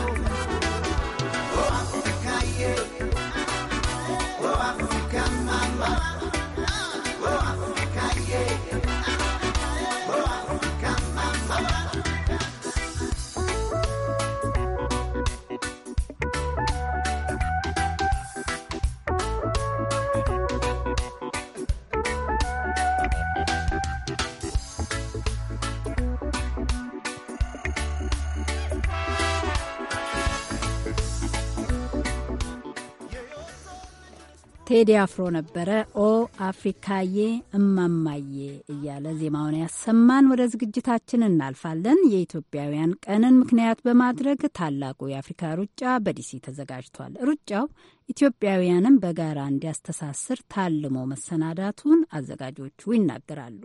ቴዲ አፍሮ ነበረ። ኦ አፍሪካዬ እማማዬ እያለ ዜማውን ያሰማን። ወደ ዝግጅታችን እናልፋለን። የኢትዮጵያውያን ቀንን ምክንያት በማድረግ ታላቁ የአፍሪካ ሩጫ በዲሲ ተዘጋጅቷል። ሩጫው ኢትዮጵያውያንን በጋራ እንዲያስተሳስር ታልሞ መሰናዳቱን አዘጋጆቹ ይናገራሉ።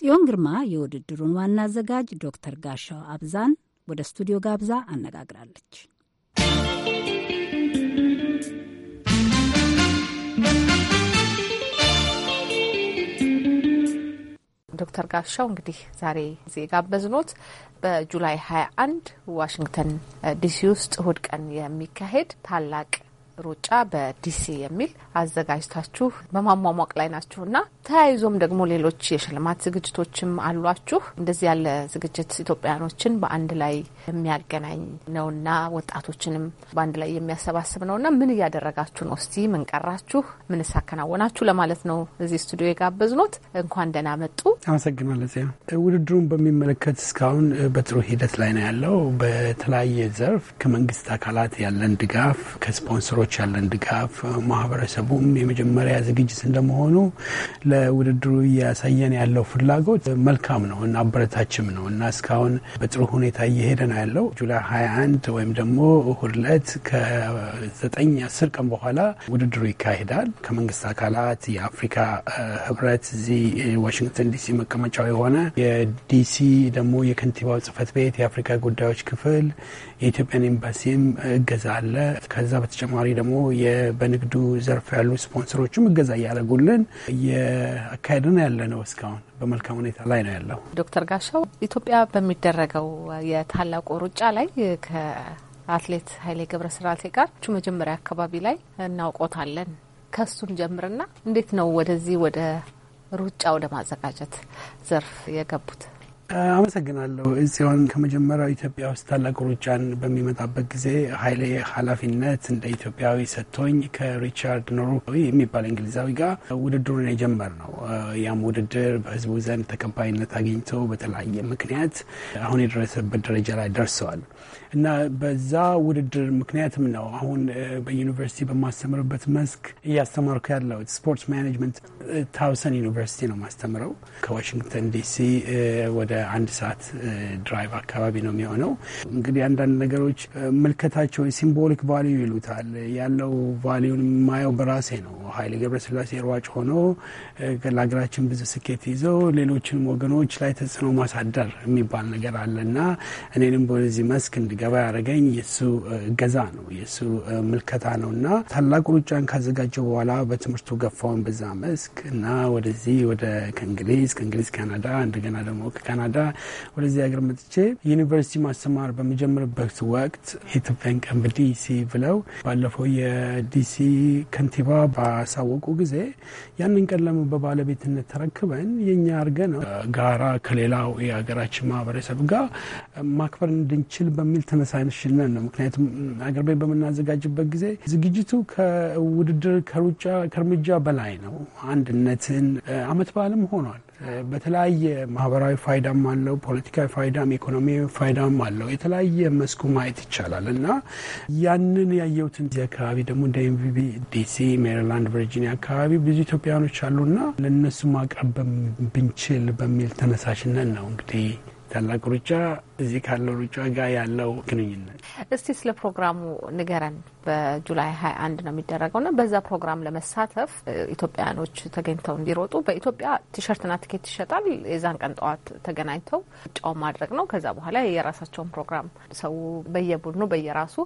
ጽዮን ግርማ የውድድሩን ዋና አዘጋጅ ዶክተር ጋሻው አብዛን ወደ ስቱዲዮ ጋብዛ አነጋግራለች። ዶክተር ጋሻው እንግዲህ ዛሬ የጋበዝኖት በጁላይ 21 ዋሽንግተን ዲሲ ውስጥ እሁድ ቀን የሚካሄድ ታላቅ ሩጫ በዲሲ የሚል አዘጋጅታችሁ በማሟሟቅ ላይ ናችሁ እና ተያይዞም ደግሞ ሌሎች የሽልማት ዝግጅቶችም አሏችሁ። እንደዚህ ያለ ዝግጅት ኢትዮጵያኖችን በአንድ ላይ የሚያገናኝ ነውና ወጣቶችንም በአንድ ላይ የሚያሰባስብ ነውና ምን እያደረጋችሁ ነው? እስቲ ምን ቀራችሁ? ምን ሳከናወናችሁ ለማለት ነው እዚህ ስቱዲዮ የጋበዝኖት። እንኳን ደህና መጡ። አመሰግናለሁ። ውድድሩን በሚመለከት እስካሁን በጥሩ ሂደት ላይ ነው ያለው። በተለያየ ዘርፍ ከመንግስት አካላት ያለን ድጋፍ፣ ከስፖንሰሮች ያለን ድጋፍ፣ ማህበረሰቡም የመጀመሪያ ዝግጅት እንደመሆኑ ለውድድሩ እያሳየን ያለው ፍላጎት መልካም ነው እና አበረታችም ነው እና እስካሁን በጥሩ ሁኔታ እየሄደ ነው ያለው። ጁላይ 21 ወይም ደግሞ እሁድ ዕለት ከዘጠኝ አስር ቀን በኋላ ውድድሩ ይካሄዳል። ከመንግስት አካላት የአፍሪካ ህብረት እዚህ ዋሽንግተን ዲሲ መቀመጫው የሆነ የዲሲ ደግሞ የከንቲባው ጽህፈት ቤት የአፍሪካ ጉዳዮች ክፍል የኢትዮጵያን ኤምባሲም እገዛ አለ። ከዛ በተጨማሪ ደግሞ በንግዱ ዘርፍ ያሉ ስፖንሰሮችም እገዛ እያደረጉልን እያካሄድን ያለ ነው እስካሁን በመልካም ሁኔታ ላይ ነው ያለው። ዶክተር ጋሻው ኢትዮጵያ በሚደረገው የታላቁ ሩጫ ላይ ከአትሌት ኃይሌ ገብረስላሴ ጋር መጀመሪያ አካባቢ ላይ እናውቆታለን። ከሱን ጀምርና እንዴት ነው ወደዚህ ወደ ሩጫ ወደ ማዘጋጀት ዘርፍ የገቡት? አመሰግናለሁ ሲሆን ከመጀመሪያው ኢትዮጵያ ውስጥ ታላቅ ሩጫን በሚመጣበት ጊዜ ኃይሌ ኃላፊነት እንደ ኢትዮጵያዊ ሰጥቶኝ ከሪቻርድ ኖሩ የሚባል እንግሊዛዊ ጋር ውድድሩን የጀመር ነው። ያም ውድድር በህዝቡ ዘንድ ተቀባይነት አግኝቶ በተለያየ ምክንያት አሁን የደረሰበት ደረጃ ላይ ደርሰዋል። እና በዛ ውድድር ምክንያትም ነው አሁን በዩኒቨርሲቲ በማስተምርበት መስክ እያስተማርኩ ያለው ስፖርት ማኔጅመንት ታውሰን ዩኒቨርሲቲ ነው ማስተምረው። ከዋሽንግተን ዲሲ ወደ አንድ ሰዓት ድራይቭ አካባቢ ነው የሚሆነው። እንግዲህ አንዳንድ ነገሮች ምልከታቸው ሲምቦሊክ ቫሊዩ ይሉታል። ያለው ቫሊዩን የማየው በራሴ ነው። ኃይሌ ገብረስላሴ ሯጭ ሆኖ ለሀገራችን ብዙ ስኬት ይዘው ሌሎችንም ወገኖች ላይ ተጽዕኖ ማሳደር የሚባል ነገር አለ እና እኔንም በዚህ መስክ እንድ እንድገባ ያደረገኝ የእሱ እገዛ ነው፣ የእሱ ምልከታ ነው እና ታላቁ ሩጫን ካዘጋጀው በኋላ በትምህርቱ ገፋውን በዛ መስክ እና ወደዚህ ወደ ከእንግሊዝ ከእንግሊዝ ካናዳ እንደገና ደግሞ ከካናዳ ወደዚህ ሀገር መጥቼ ዩኒቨርሲቲ ማስተማር በሚጀምርበት ወቅት የኢትዮጵያን ቀን በዲሲ ብለው ባለፈው የዲሲ ከንቲባ ባሳወቁ ጊዜ ያንን ቀን በባለቤትነት ተረክበን የኛ አርገ ነው ጋራ ከሌላው የሀገራችን ማህበረሰብ ጋር ማክበር እንድንችል በሚል ተነሳሽነት ነው። ምክንያቱም አገር ቤት በምናዘጋጅበት ጊዜ ዝግጅቱ ከውድድር ከሩጫ ከእርምጃ በላይ ነው። አንድነትን አመት በዓልም ሆኗል። በተለያየ ማህበራዊ ፋይዳም አለው፣ ፖለቲካዊ ፋይዳም፣ ኢኮኖሚያዊ ፋይዳም አለው። የተለያየ መስኩ ማየት ይቻላል እና ያንን ያየሁትን እዚህ አካባቢ ደግሞ እንደ ኤምቪቢ ዲሲ፣ ሜሪላንድ፣ ቨርጂኒያ አካባቢ ብዙ ኢትዮጵያውያኖች አሉና ለእነሱ ማቅረብ ብንችል በሚል ተነሳሽነት ነው እንግዲህ ታላቅ ሩጫ እዚህ ካለው ሩጫ ጋር ያለው ግንኙነት እስቲ ስለ ፕሮግራሙ ንገረን። በጁላይ አንድ ነው የሚደረገው ና በዛ ፕሮግራም ለመሳተፍ ኢትዮጵያውያኖች ተገኝተው እንዲሮጡ በኢትዮጵያ ቲሸርትና ትኬት ይሸጣል። የዛን ቀን ጠዋት ተገናኝተው ጫው ማድረግ ነው። ከዛ በኋላ የራሳቸውን ፕሮግራም ሰው በየቡድኑ በየራሱ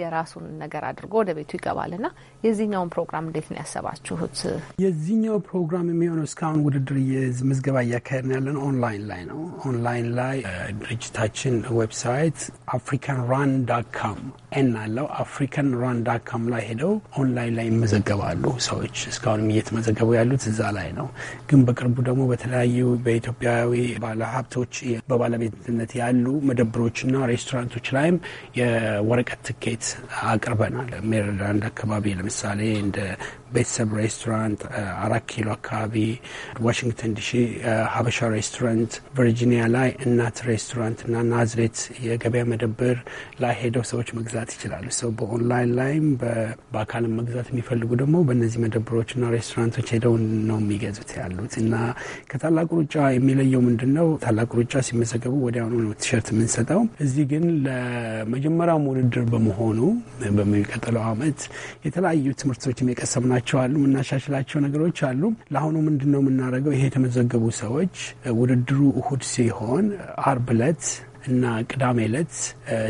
የራሱን ነገር አድርጎ ወደ ቤቱ ይገባል። ና የዚህኛውን ፕሮግራም እንዴት ነው ያሰባችሁት? የዚህኛው ፕሮግራም የሚሆነው እስካሁን ውድድር የምዝገባ እያካሄድ ያለን ኦንላይን ላይ ነው። ኦንላይን ላይ ድርጅታችን ድርጅታችን ዌብሳይት አፍሪካን ራን ዳካም ኤን አለው አፍሪካን ራን ዳካም ላይ ሄደው ኦንላይን ላይ ይመዘገባሉ ሰዎች። እስካሁንም እየተመዘገቡ ያሉት እዛ ላይ ነው። ግን በቅርቡ ደግሞ በተለያዩ በኢትዮጵያዊ ባለሀብቶች በባለቤትነት ያሉ መደብሮችና ሬስቶራንቶች ላይም የወረቀት ትኬት አቅርበናል። ሜሪላንድ አካባቢ ለምሳሌ እንደ ቤተሰብ ሬስቶራንት አራት ኪሎ አካባቢ፣ ዋሽንግተን ዲሲ ሀበሻ ሬስቶራንት፣ ቨርጂኒያ ላይ እናት ሬስቶራንት እና ናዝሬት የገበያ መደብር ላይ ሄደው ሰዎች መግዛት ይችላሉ። ሰው በኦንላይን ላይም በአካልም መግዛት የሚፈልጉ ደግሞ በእነዚህ መደብሮች ሬስቶራንቶች ሄደው ነው የሚገዙት ያሉት እና ከታላቁ ሩጫ የሚለየው ምንድን ነው? ታላቁ ሩጫ ሲመዘገቡ ወዲያውኑ ነው ቲሸርት የምንሰጠው። እዚህ ግን ለመጀመሪያውም ውድድር በመሆኑ በሚቀጥለው ዓመት የተለያዩ ትምህርቶች ናቸው። የምንቀይራቸው አሉ፣ የምናሻሽላቸው ነገሮች አሉ። ለአሁኑ ምንድን ነው የምናደርገው? ይሄ የተመዘገቡ ሰዎች ውድድሩ እሁድ ሲሆን አርብ ዕለት እና ቅዳሜ ዕለት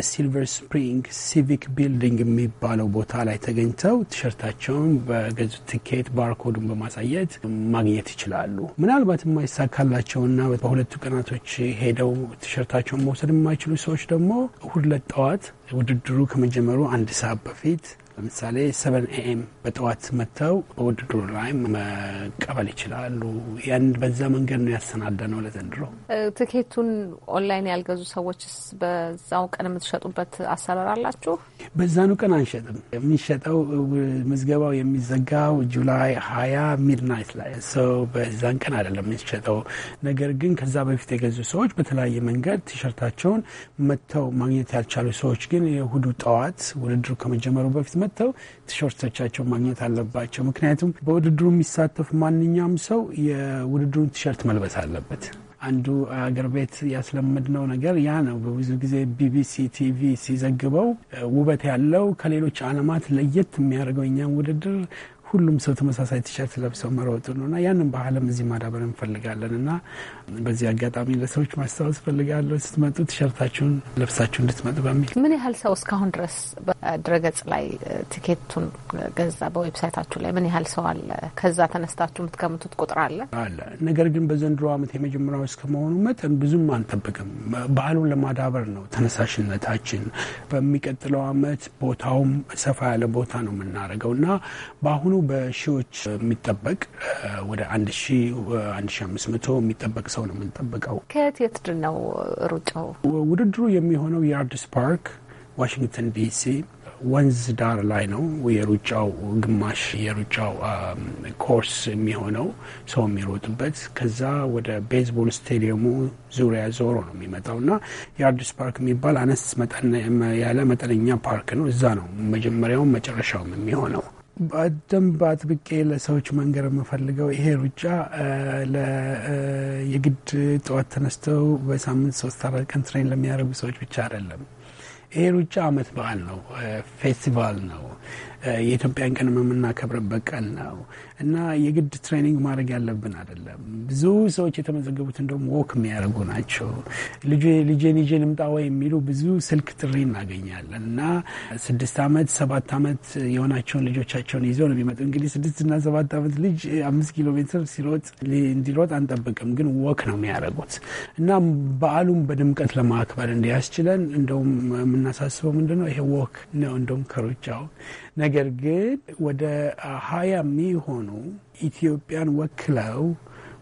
ሲልቨር ስፕሪንግ ሲቪክ ቢልዲንግ የሚባለው ቦታ ላይ ተገኝተው ቲሸርታቸውን በገዙ ትኬት ባርኮዱን በማሳየት ማግኘት ይችላሉ። ምናልባት የማይሳካላቸውና በሁለቱ ቀናቶች ሄደው ቲሸርታቸውን መውሰድ የማይችሉ ሰዎች ደግሞ እሁድ ዕለት ጠዋት ውድድሩ ከመጀመሩ አንድ ሰዓት በፊት ለምሳሌ ሰቨን ኤኤም በጠዋት መጥተው በውድድሩ ላይ መቀበል ይችላሉ። ያን በዛ መንገድ ነው ያሰናዳ ነው ለዘንድሮ። ትኬቱን ኦንላይን ያልገዙ ሰዎችስ በዛው ቀን የምትሸጡበት አሰራር አላችሁ? በዛኑ ቀን አንሸጥም። የሚሸጠው ምዝገባው የሚዘጋው ጁላይ ሀያ ሚድናይት ላይ ሰው በዛን ቀን አይደለም የሚሸጠው። ነገር ግን ከዛ በፊት የገዙ ሰዎች በተለያየ መንገድ ቲሸርታቸውን መጥተው ማግኘት ያልቻሉ ሰዎች ግን የእሁዱ ጠዋት ውድድሩ ከመጀመሩ በፊት መጥተው ቲሸርቶቻቸው ማግኘት አለባቸው። ምክንያቱም በውድድሩ የሚሳተፉ ማንኛውም ሰው የውድድሩን ቲሸርት መልበስ አለበት። አንዱ አገር ቤት ያስለመድነው ነገር ያ ነው። በብዙ ጊዜ ቢቢሲ ቲቪ ሲዘግበው ውበት ያለው ከሌሎች ዓለማት ለየት የሚያደርገው እኛን ውድድር ሁሉም ሰው ተመሳሳይ ቲሸርት ለብሰው መሮጡ ነው እና ያንን ባህልም እዚህ ማዳበር እንፈልጋለን እና በዚህ አጋጣሚ ለሰዎች ማስታወስ ፈልጋለሁ፣ ስትመጡ ቲሸርታችሁን ለብሳችሁ እንድትመጡ በሚል። ምን ያህል ሰው እስካሁን ድረስ በድረገጽ ላይ ቲኬቱን ገዛ? በዌብሳይታችሁ ላይ ምን ያህል ሰው አለ? ከዛ ተነስታችሁ የምትገምቱት ቁጥር አለ አለ። ነገር ግን በዘንድሮ ዓመት የመጀመሪያው እስከመሆኑ መጠን ብዙም አንጠብቅም። በዓሉን ለማዳበር ነው ተነሳሽነታችን። በሚቀጥለው ዓመት ቦታውም ሰፋ ያለ ቦታ ነው የምናደርገው እና በአሁኑ በሺዎች የሚጠበቅ ወደ አንድ ሺ አንድ ሺ አምስት መቶ የሚጠበቅ ሰው ነው የምንጠብቀው። ከየት የት ነው ሩጫው? ውድድሩ የሚሆነው የአርድስ ፓርክ ዋሽንግተን ዲሲ ወንዝ ዳር ላይ ነው። የሩጫው ግማሽ የሩጫው ኮርስ የሚሆነው ሰው የሚሮጥበት ከዛ ወደ ቤዝቦል ስቴዲየሙ ዙሪያ ዞሮ ነው የሚመጣው እና የአርዲስ ፓርክ የሚባል አነስ ያለ መጠነኛ ፓርክ ነው። እዛ ነው መጀመሪያውም መጨረሻውም የሚሆነው። በደንብ አጥብቄ ለሰዎች መንገር የምፈልገው ይሄ ሩጫ የግድ ጠዋት ተነስተው በሳምንት ሶስት አራት ቀን ትሬን ለሚያደርጉ ሰዎች ብቻ አይደለም። ይሄ ሩጫ አመት በዓል ነው፣ ፌስቲቫል ነው። የኢትዮጵያን ቀን የምናከብርበት ቀን ነው እና የግድ ትሬኒንግ ማድረግ ያለብን አይደለም። ብዙ ሰዎች የተመዘገቡት እንደውም ወክ የሚያደርጉ ናቸው። ልጄን ይዤ ልምጣ ወይ የሚሉ ብዙ ስልክ ጥሪ እናገኛለን እና ስድስት ዓመት ሰባት ዓመት የሆናቸውን ልጆቻቸውን ይዘው ነው የሚመጡ። እንግዲህ ስድስት እና ሰባት ዓመት ልጅ አምስት ኪሎ ሜትር ሲሮጥ እንዲሮጥ አንጠብቅም፣ ግን ወክ ነው የሚያደርጉት እና በዓሉም በድምቀት ለማክበር እንዲያስችለን እንደውም የምናሳስበው ምንድነው ይሄ ወክ ነው እንደውም ከሩጫው ነገር ግን ወደ ሀያ የሚሆኑ ኢትዮጵያን ወክለው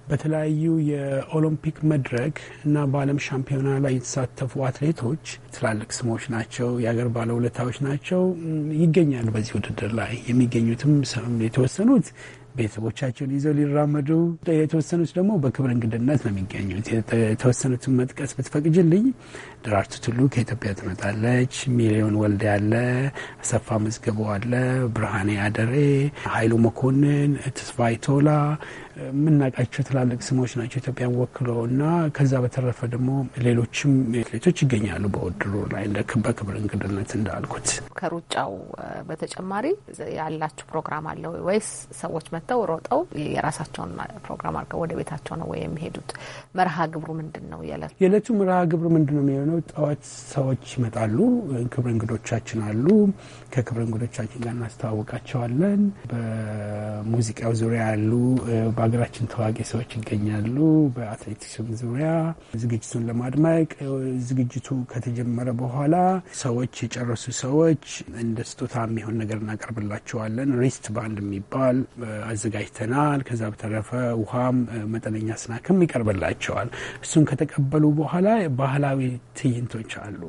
በተለያዩ የኦሎምፒክ መድረክ እና በዓለም ሻምፒዮና ላይ የተሳተፉ አትሌቶች ትላልቅ ስሞች ናቸው፣ የአገር ባለውለታዎች ናቸው ይገኛሉ። በዚህ ውድድር ላይ የሚገኙትም የተወሰኑት ቤተሰቦቻቸውን ይዘው ሊራመዱ፣ የተወሰኑት ደግሞ በክብር እንግድነት ነው የሚገኙት። የተወሰኑትን መጥቀስ ብትፈቅጅልኝ ደራርቱ ቱሉ ከኢትዮጵያ ትመጣለች፣ ሚሊዮን ወልድ ያለ፣ አሰፋ መዝገቡ አለ፣ ብርሃኔ አደሬ፣ ሀይሉ መኮንን፣ ተስፋዬ ይቶላ የምናውቃቸው ትላልቅ ስሞች ናቸው ኢትዮጵያን ወክሎ እና ከዛ በተረፈ ደግሞ ሌሎችም አትሌቶች ይገኛሉ በውድድሩ ላይ በክብር እንግድነት እንዳልኩት። ከሩጫው በተጨማሪ ያላችሁ ፕሮግራም አለ ወይስ ሰዎች መጥተው ሮጠው የራሳቸውን ፕሮግራም አድርገው ወደ ቤታቸው ነው ወይ የሚሄዱት? መርሃ ግብሩ ምንድን ነው? የዕለቱ የዕለቱ መርሃ ግብሩ ምንድን ነው የሚሆነው? ጠዋት ሰዎች ይመጣሉ። ክብር እንግዶቻችን አሉ። ከክብር እንግዶቻችን ጋር እናስተዋወቃቸዋለን። በሙዚቃው ዙሪያ ያሉ በሀገራችን ታዋቂ ሰዎች ይገኛሉ። በአትሌቲክስም ዙሪያ ዝግጅቱን ለማድመቅ ዝግጅቱ ከተጀመረ በኋላ ሰዎች የጨረሱ ሰዎች እንደ ስጦታ የሚሆን ነገር እናቀርብላቸዋለን። ሪስት ባንድ የሚባል አዘጋጅተናል። ከዛ በተረፈ ውሃም መጠነኛ ስናክም ይቀርብላቸዋል። እሱን ከተቀበሉ በኋላ ባህላዊ ትዕይንቶች አሉ።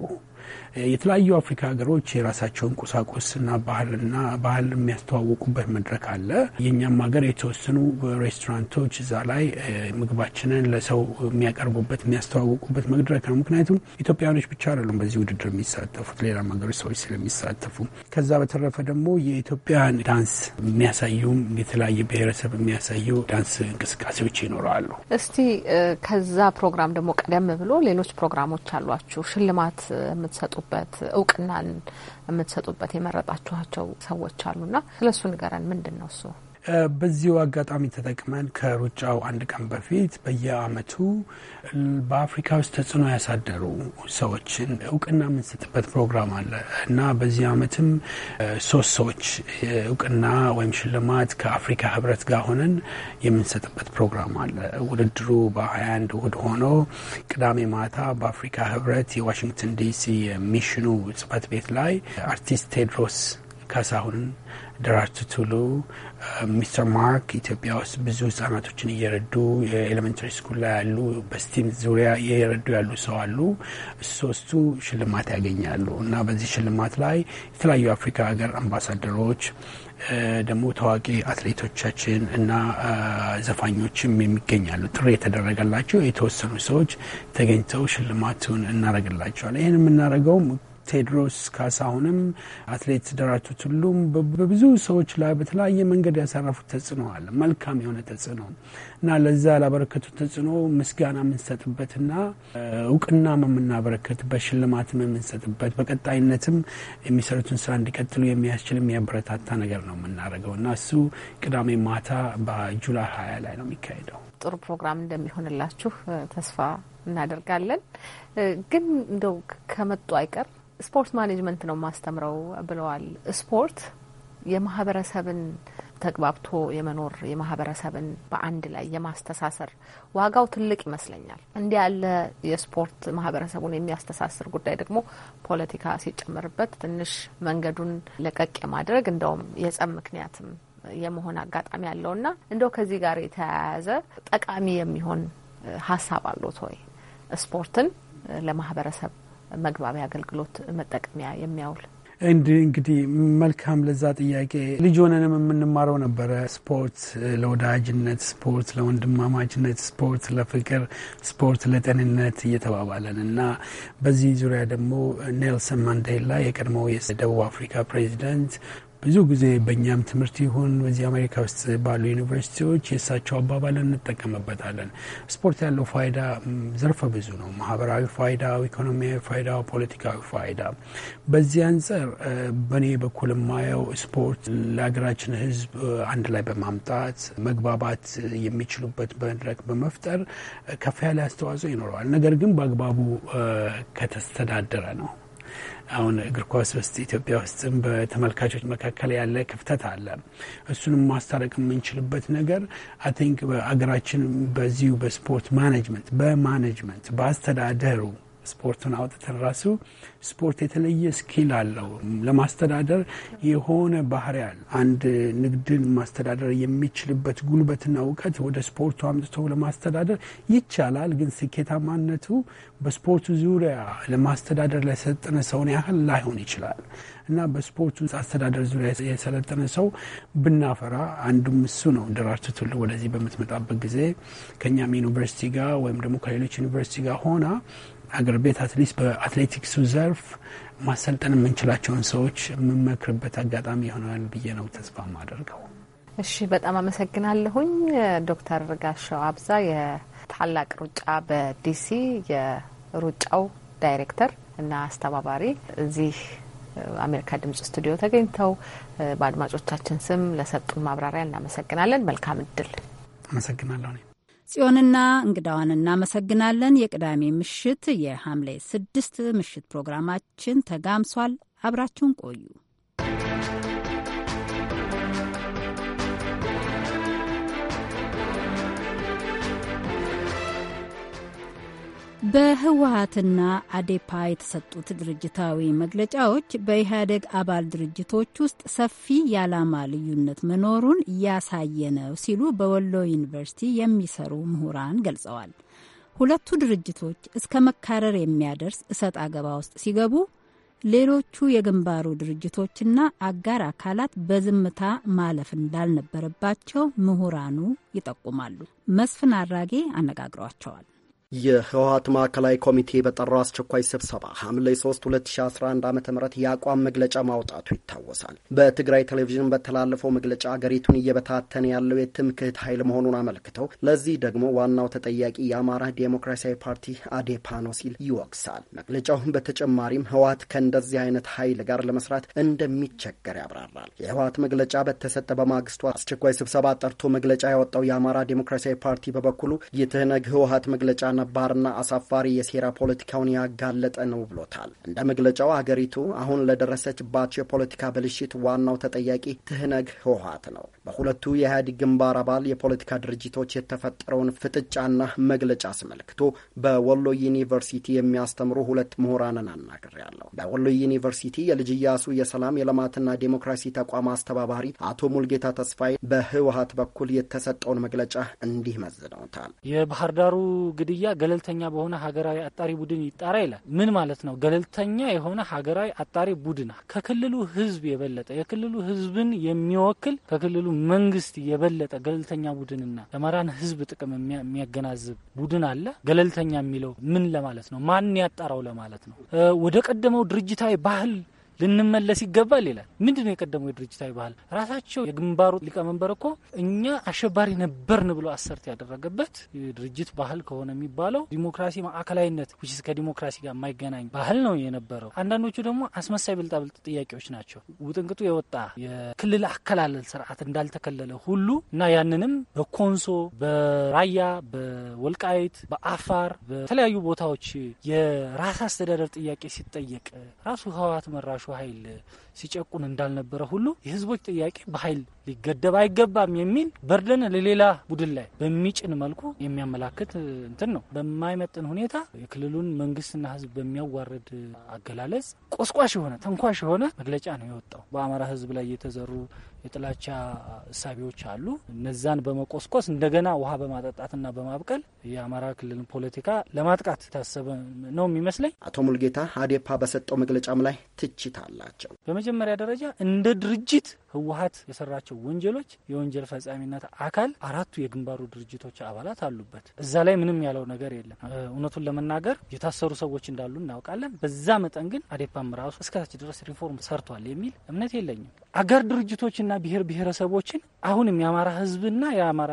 የተለያዩ አፍሪካ ሀገሮች የራሳቸውን ቁሳቁስና ባህልና ባህል የሚያስተዋውቁበት መድረክ አለ። የእኛም ሀገር የተወሰኑ ሬስቶራንቶች እዛ ላይ ምግባችንን ለሰው የሚያቀርቡበት የሚያስተዋውቁበት መድረክ ነው። ምክንያቱም ኢትዮጵያውያኖች ብቻ አይደሉም በዚህ ውድድር የሚሳተፉት፣ ሌላም ሀገሮች ሰዎች ስለሚሳተፉ ከዛ በተረፈ ደግሞ የኢትዮጵያን ዳንስ የሚያሳዩም የተለያየ ብሔረሰብ የሚያሳዩ ዳንስ እንቅስቃሴዎች ይኖራሉ። እስቲ ከዛ ፕሮግራም ደግሞ ቀደም ብሎ ሌሎች ፕሮግራሞች አሏችሁ ሽልማት የምትሰጡ የምትሰጡበት እውቅናን የምትሰጡበት የመረጣችኋቸው ሰዎች አሉና ስለ እሱ ንገረን። ምንድን ነው እሱ? በዚሁ አጋጣሚ ተጠቅመን ከሩጫው አንድ ቀን በፊት በየአመቱ በአፍሪካ ውስጥ ተጽዕኖ ያሳደሩ ሰዎችን እውቅና የምንሰጥበት ፕሮግራም አለ እና በዚህ አመትም ሶስት ሰዎች እውቅና ወይም ሽልማት ከአፍሪካ ህብረት ጋር ሆነን የምንሰጥበት ፕሮግራም አለ። ውድድሩ በ21 እሁድ ሆኖ ቅዳሜ ማታ በአፍሪካ ህብረት የዋሽንግተን ዲሲ ሚሽኑ ጽህፈት ቤት ላይ አርቲስት ቴድሮስ ካሳሁን፣ ደራርቱ ቱሉ፣ ሚስተር ማርክ ኢትዮጵያ ውስጥ ብዙ ህጻናቶችን እየረዱ የኤሌመንታሪ ስኩል ላይ ያሉ በስቲም ዙሪያ እየረዱ ያሉ ሰው አሉ። ሶስቱ ሽልማት ያገኛሉ እና በዚህ ሽልማት ላይ የተለያዩ አፍሪካ ሀገር አምባሳደሮች ደግሞ ታዋቂ አትሌቶቻችን እና ዘፋኞችም የሚገኛሉ። ጥሪ የተደረገላቸው የተወሰኑ ሰዎች ተገኝተው ሽልማቱን እናደርግላቸዋል። ይህን የምናደርገውም ቴድሮስ ካሳሁንም፣ አትሌት ደራርቱ ቱሉም በብዙ ሰዎች ላይ በተለያየ መንገድ ያሳረፉት ተጽዕኖ አለ። መልካም የሆነ ተጽዕኖ እና ለዛ ላበረከቱት ተጽዕኖ ምስጋና የምንሰጥበትና እውቅና የምናበረከት በሽልማትም የምንሰጥበት በቀጣይነትም የሚሰሩትን ስራ እንዲቀጥሉ የሚያስችል የሚያበረታታ ነገር ነው የምናደርገው እና እሱ ቅዳሜ ማታ በጁላይ ሀያ ላይ ነው የሚካሄደው። ጥሩ ፕሮግራም እንደሚሆንላችሁ ተስፋ እናደርጋለን። ግን እንደው ከመጡ አይቀር ስፖርት ማኔጅመንት ነው የማስተምረው ብለዋል። ስፖርት የማህበረሰብን ተግባብቶ የመኖር የማህበረሰብን በአንድ ላይ የማስተሳሰር ዋጋው ትልቅ ይመስለኛል። እንዲህ ያለ የስፖርት ማህበረሰቡን የሚያስተሳስር ጉዳይ ደግሞ ፖለቲካ ሲጨምርበት ትንሽ መንገዱን ለቀቅ የማድረግ እንደውም የጸብ ምክንያትም የመሆን አጋጣሚ ያለውና እንደው ከዚህ ጋር የተያያዘ ጠቃሚ የሚሆን ሀሳብ አሎት ወይ ስፖርትን ለማህበረሰብ መግባቢያ አገልግሎት መጠቀሚያ የሚያውል እንግዲህ መልካም ለዛ ጥያቄ ልጅ ሆነንም የምንማረው ነበረ። ስፖርት ለወዳጅነት፣ ስፖርት ለወንድማማችነት፣ ስፖርት ለፍቅር፣ ስፖርት ለጤንነት እየተባባለን እና በዚህ ዙሪያ ደግሞ ኔልሰን ማንዴላ የቀድሞው የደቡብ አፍሪካ ፕሬዚደንት ብዙ ጊዜ በእኛም ትምህርት ይሁን በዚህ አሜሪካ ውስጥ ባሉ ዩኒቨርሲቲዎች የእሳቸው አባባል እንጠቀምበታለን። ስፖርት ያለው ፋይዳ ዘርፈ ብዙ ነው። ማህበራዊ ፋይዳው፣ ኢኮኖሚያዊ ፋይዳው፣ ፖለቲካዊ ፋይዳ። በዚህ አንጻር በእኔ በኩል የማየው ስፖርት ለሀገራችን ህዝብ አንድ ላይ በማምጣት መግባባት የሚችሉበት መድረክ በመፍጠር ከፍ ያለ አስተዋጽኦ ይኖረዋል። ነገር ግን በአግባቡ ከተስተዳደረ ነው። አሁን እግር ኳስ ውስጥ ኢትዮጵያ ውስጥም በተመልካቾች መካከል ያለ ክፍተት አለ። እሱንም ማስታረቅ የምንችልበት ነገር አይ ቲንክ በዚሁ በስፖርት ማኔጅመንት በማኔጅመንት በአስተዳደሩ ስፖርቱን አውጥተን ራሱ ስፖርት የተለየ ስኪል አለው ለማስተዳደር የሆነ ባህሪ ያለ አንድ ንግድን ማስተዳደር የሚችልበት ጉልበትና እውቀት ወደ ስፖርቱ አምጥቶ ለማስተዳደር ይቻላል። ግን ስኬታማነቱ በስፖርቱ ዙሪያ ለማስተዳደር ለሰለጠነ ሰውን ያህል ላይሆን ይችላል እና በስፖርቱ አስተዳደር ዙሪያ የሰለጠነ ሰው ብናፈራ አንዱም እሱ ነው። ደራርቱ ቱሉ ወደዚህ በምትመጣበት ጊዜ ከእኛም ዩኒቨርሲቲ ጋር ወይም ደግሞ ከሌሎች ዩኒቨርሲቲ ጋር ሆና አገር ቤት አትሊስት በአትሌቲክሱ ዘርፍ ማሰልጠን የምንችላቸውን ሰዎች የምመክርበት አጋጣሚ ይሆናል ብዬ ነው ተስፋ ማደርገው። እሺ፣ በጣም አመሰግናለሁኝ ዶክተር ጋሻው አብዛ የታላቅ ሩጫ በዲሲ የሩጫው ዳይሬክተር እና አስተባባሪ እዚህ አሜሪካ ድምጽ ስቱዲዮ ተገኝተው በአድማጮቻችን ስም ለሰጡን ማብራሪያ እናመሰግናለን። መልካም እድል። አመሰግናለሁ። ጽዮንና እንግዳዋን እናመሰግናለን። የቅዳሜ ምሽት የሐምሌ ስድስት ምሽት ፕሮግራማችን ተጋምሷል። አብራችሁን ቆዩ። በህወሀትና አዴፓ የተሰጡት ድርጅታዊ መግለጫዎች በኢህአዴግ አባል ድርጅቶች ውስጥ ሰፊ የዓላማ ልዩነት መኖሩን እያሳየ ነው ሲሉ በወሎ ዩኒቨርሲቲ የሚሰሩ ምሁራን ገልጸዋል። ሁለቱ ድርጅቶች እስከ መካረር የሚያደርስ እሰጥ አገባ ውስጥ ሲገቡ ሌሎቹ የግንባሩ ድርጅቶችና አጋር አካላት በዝምታ ማለፍ እንዳልነበረባቸው ምሁራኑ ይጠቁማሉ። መስፍን አራጌ አነጋግሯቸዋል። የህወሀት ማዕከላዊ ኮሚቴ በጠራው አስቸኳይ ስብሰባ ሐምሌ 3 2011 ዓ ም የአቋም መግለጫ ማውጣቱ ይታወሳል። በትግራይ ቴሌቪዥን በተላለፈው መግለጫ አገሪቱን እየበታተነ ያለው የትምክህት ኃይል መሆኑን አመልክተው ለዚህ ደግሞ ዋናው ተጠያቂ የአማራ ዴሞክራሲያዊ ፓርቲ አዴፓ ነው ሲል ይወቅሳል። መግለጫውም በተጨማሪም ህወሀት ከእንደዚህ አይነት ኃይል ጋር ለመስራት እንደሚቸገር ያብራራል። የህወሀት መግለጫ በተሰጠ በማግስቱ አስቸኳይ ስብሰባ ጠርቶ መግለጫ ያወጣው የአማራ ዴሞክራሲያዊ ፓርቲ በበኩሉ የትህነግ ህወሀት መግለጫ ነባርና አሳፋሪ የሴራ ፖለቲካውን ያጋለጠ ነው ብሎታል። እንደ መግለጫው አገሪቱ አሁን ለደረሰችባቸው የፖለቲካ ብልሽት ዋናው ተጠያቂ ትህነግ ህወሀት ነው። በሁለቱ የኢህአዴግ ግንባር አባል የፖለቲካ ድርጅቶች የተፈጠረውን ፍጥጫና መግለጫ አስመልክቶ በወሎ ዩኒቨርሲቲ የሚያስተምሩ ሁለት ምሁራንን አናግሬያለሁ። በወሎ ዩኒቨርሲቲ የልጅ ኢያሱ የሰላም የልማትና ዴሞክራሲ ተቋም አስተባባሪ አቶ ሙልጌታ ተስፋዬ በህወሀት በኩል የተሰጠውን መግለጫ እንዲህ መዝነውታል። የባህር ዳሩ ግድያ ገለልተኛ በሆነ ሀገራዊ አጣሪ ቡድን ይጣራ ይላል። ምን ማለት ነው? ገለልተኛ የሆነ ሀገራዊ አጣሪ ቡድን ከክልሉ ህዝብ የበለጠ የክልሉ ህዝብን የሚወክል ከክልሉ መንግስት የበለጠ ገለልተኛ ቡድንና የአማራን ህዝብ ጥቅም የሚያገናዝብ ቡድን አለ። ገለልተኛ የሚለው ምን ለማለት ነው? ማን ያጣራው ለማለት ነው? ወደ ቀደመው ድርጅታዊ ባህል ልንመለስ ይገባል ይላል። ምንድን ነው የቀደመው የድርጅታዊ ባህል? ራሳቸው የግንባሩ ሊቀመንበር እኮ እኛ አሸባሪ ነበርን ብሎ አሰርት ያደረገበት የድርጅት ባህል ከሆነ የሚባለው ዲሞክራሲ ማዕከላዊነት ውስጥ ከዲሞክራሲ ጋር የማይገናኝ ባህል ነው የነበረው። አንዳንዶቹ ደግሞ አስመሳይ ብልጣብልጥ ጥያቄዎች ናቸው። ውጥንቅጡ የወጣ የክልል አከላለል ስርዓት እንዳልተከለለ ሁሉ እና ያንንም በኮንሶ በራያ በወልቃይት በአፋር በተለያዩ ቦታዎች የራስ አስተዳደር ጥያቄ ሲጠየቅ ራሱ ህወሓት መራሹ በግማሹ ኃይል ሲጨቁን እንዳልነበረ ሁሉ የህዝቦች ጥያቄ በኃይል ሊገደብ አይገባም የሚል በርደን ለሌላ ቡድን ላይ በሚጭን መልኩ የሚያመላክት እንትን ነው። በማይመጥን ሁኔታ የክልሉን መንግስትና ህዝብ በሚያዋርድ አገላለጽ ቆስቋሽ የሆነ ተንኳሽ የሆነ መግለጫ ነው የወጣው። በአማራ ህዝብ ላይ የተዘሩ የጥላቻ እሳቢዎች አሉ። እነዛን በመቆስቆስ እንደገና ውሃ በማጠጣትና በማብቀል የአማራ ክልልን ፖለቲካ ለማጥቃት የታሰበ ነው የሚመስለኝ። አቶ ሙልጌታ አዴፓ በሰጠው መግለጫም ላይ ትችት አላቸው። በመጀመሪያ ደረጃ እንደ ድርጅት ህወሀት የሰራቸው ወንጀሎች የወንጀል ፈጻሚነት አካል አራቱ የግንባሩ ድርጅቶች አባላት አሉበት። እዛ ላይ ምንም ያለው ነገር የለም። እውነቱን ለመናገር የታሰሩ ሰዎች እንዳሉ እናውቃለን። በዛ መጠን ግን አዴፓም ራሱ እስከታች ድረስ ሪፎርም ሰርቷል የሚል እምነት የለኝም። አገር ድርጅቶችና ብሔር ብሔረሰቦችን አሁንም የአማራ ህዝብና የአማራ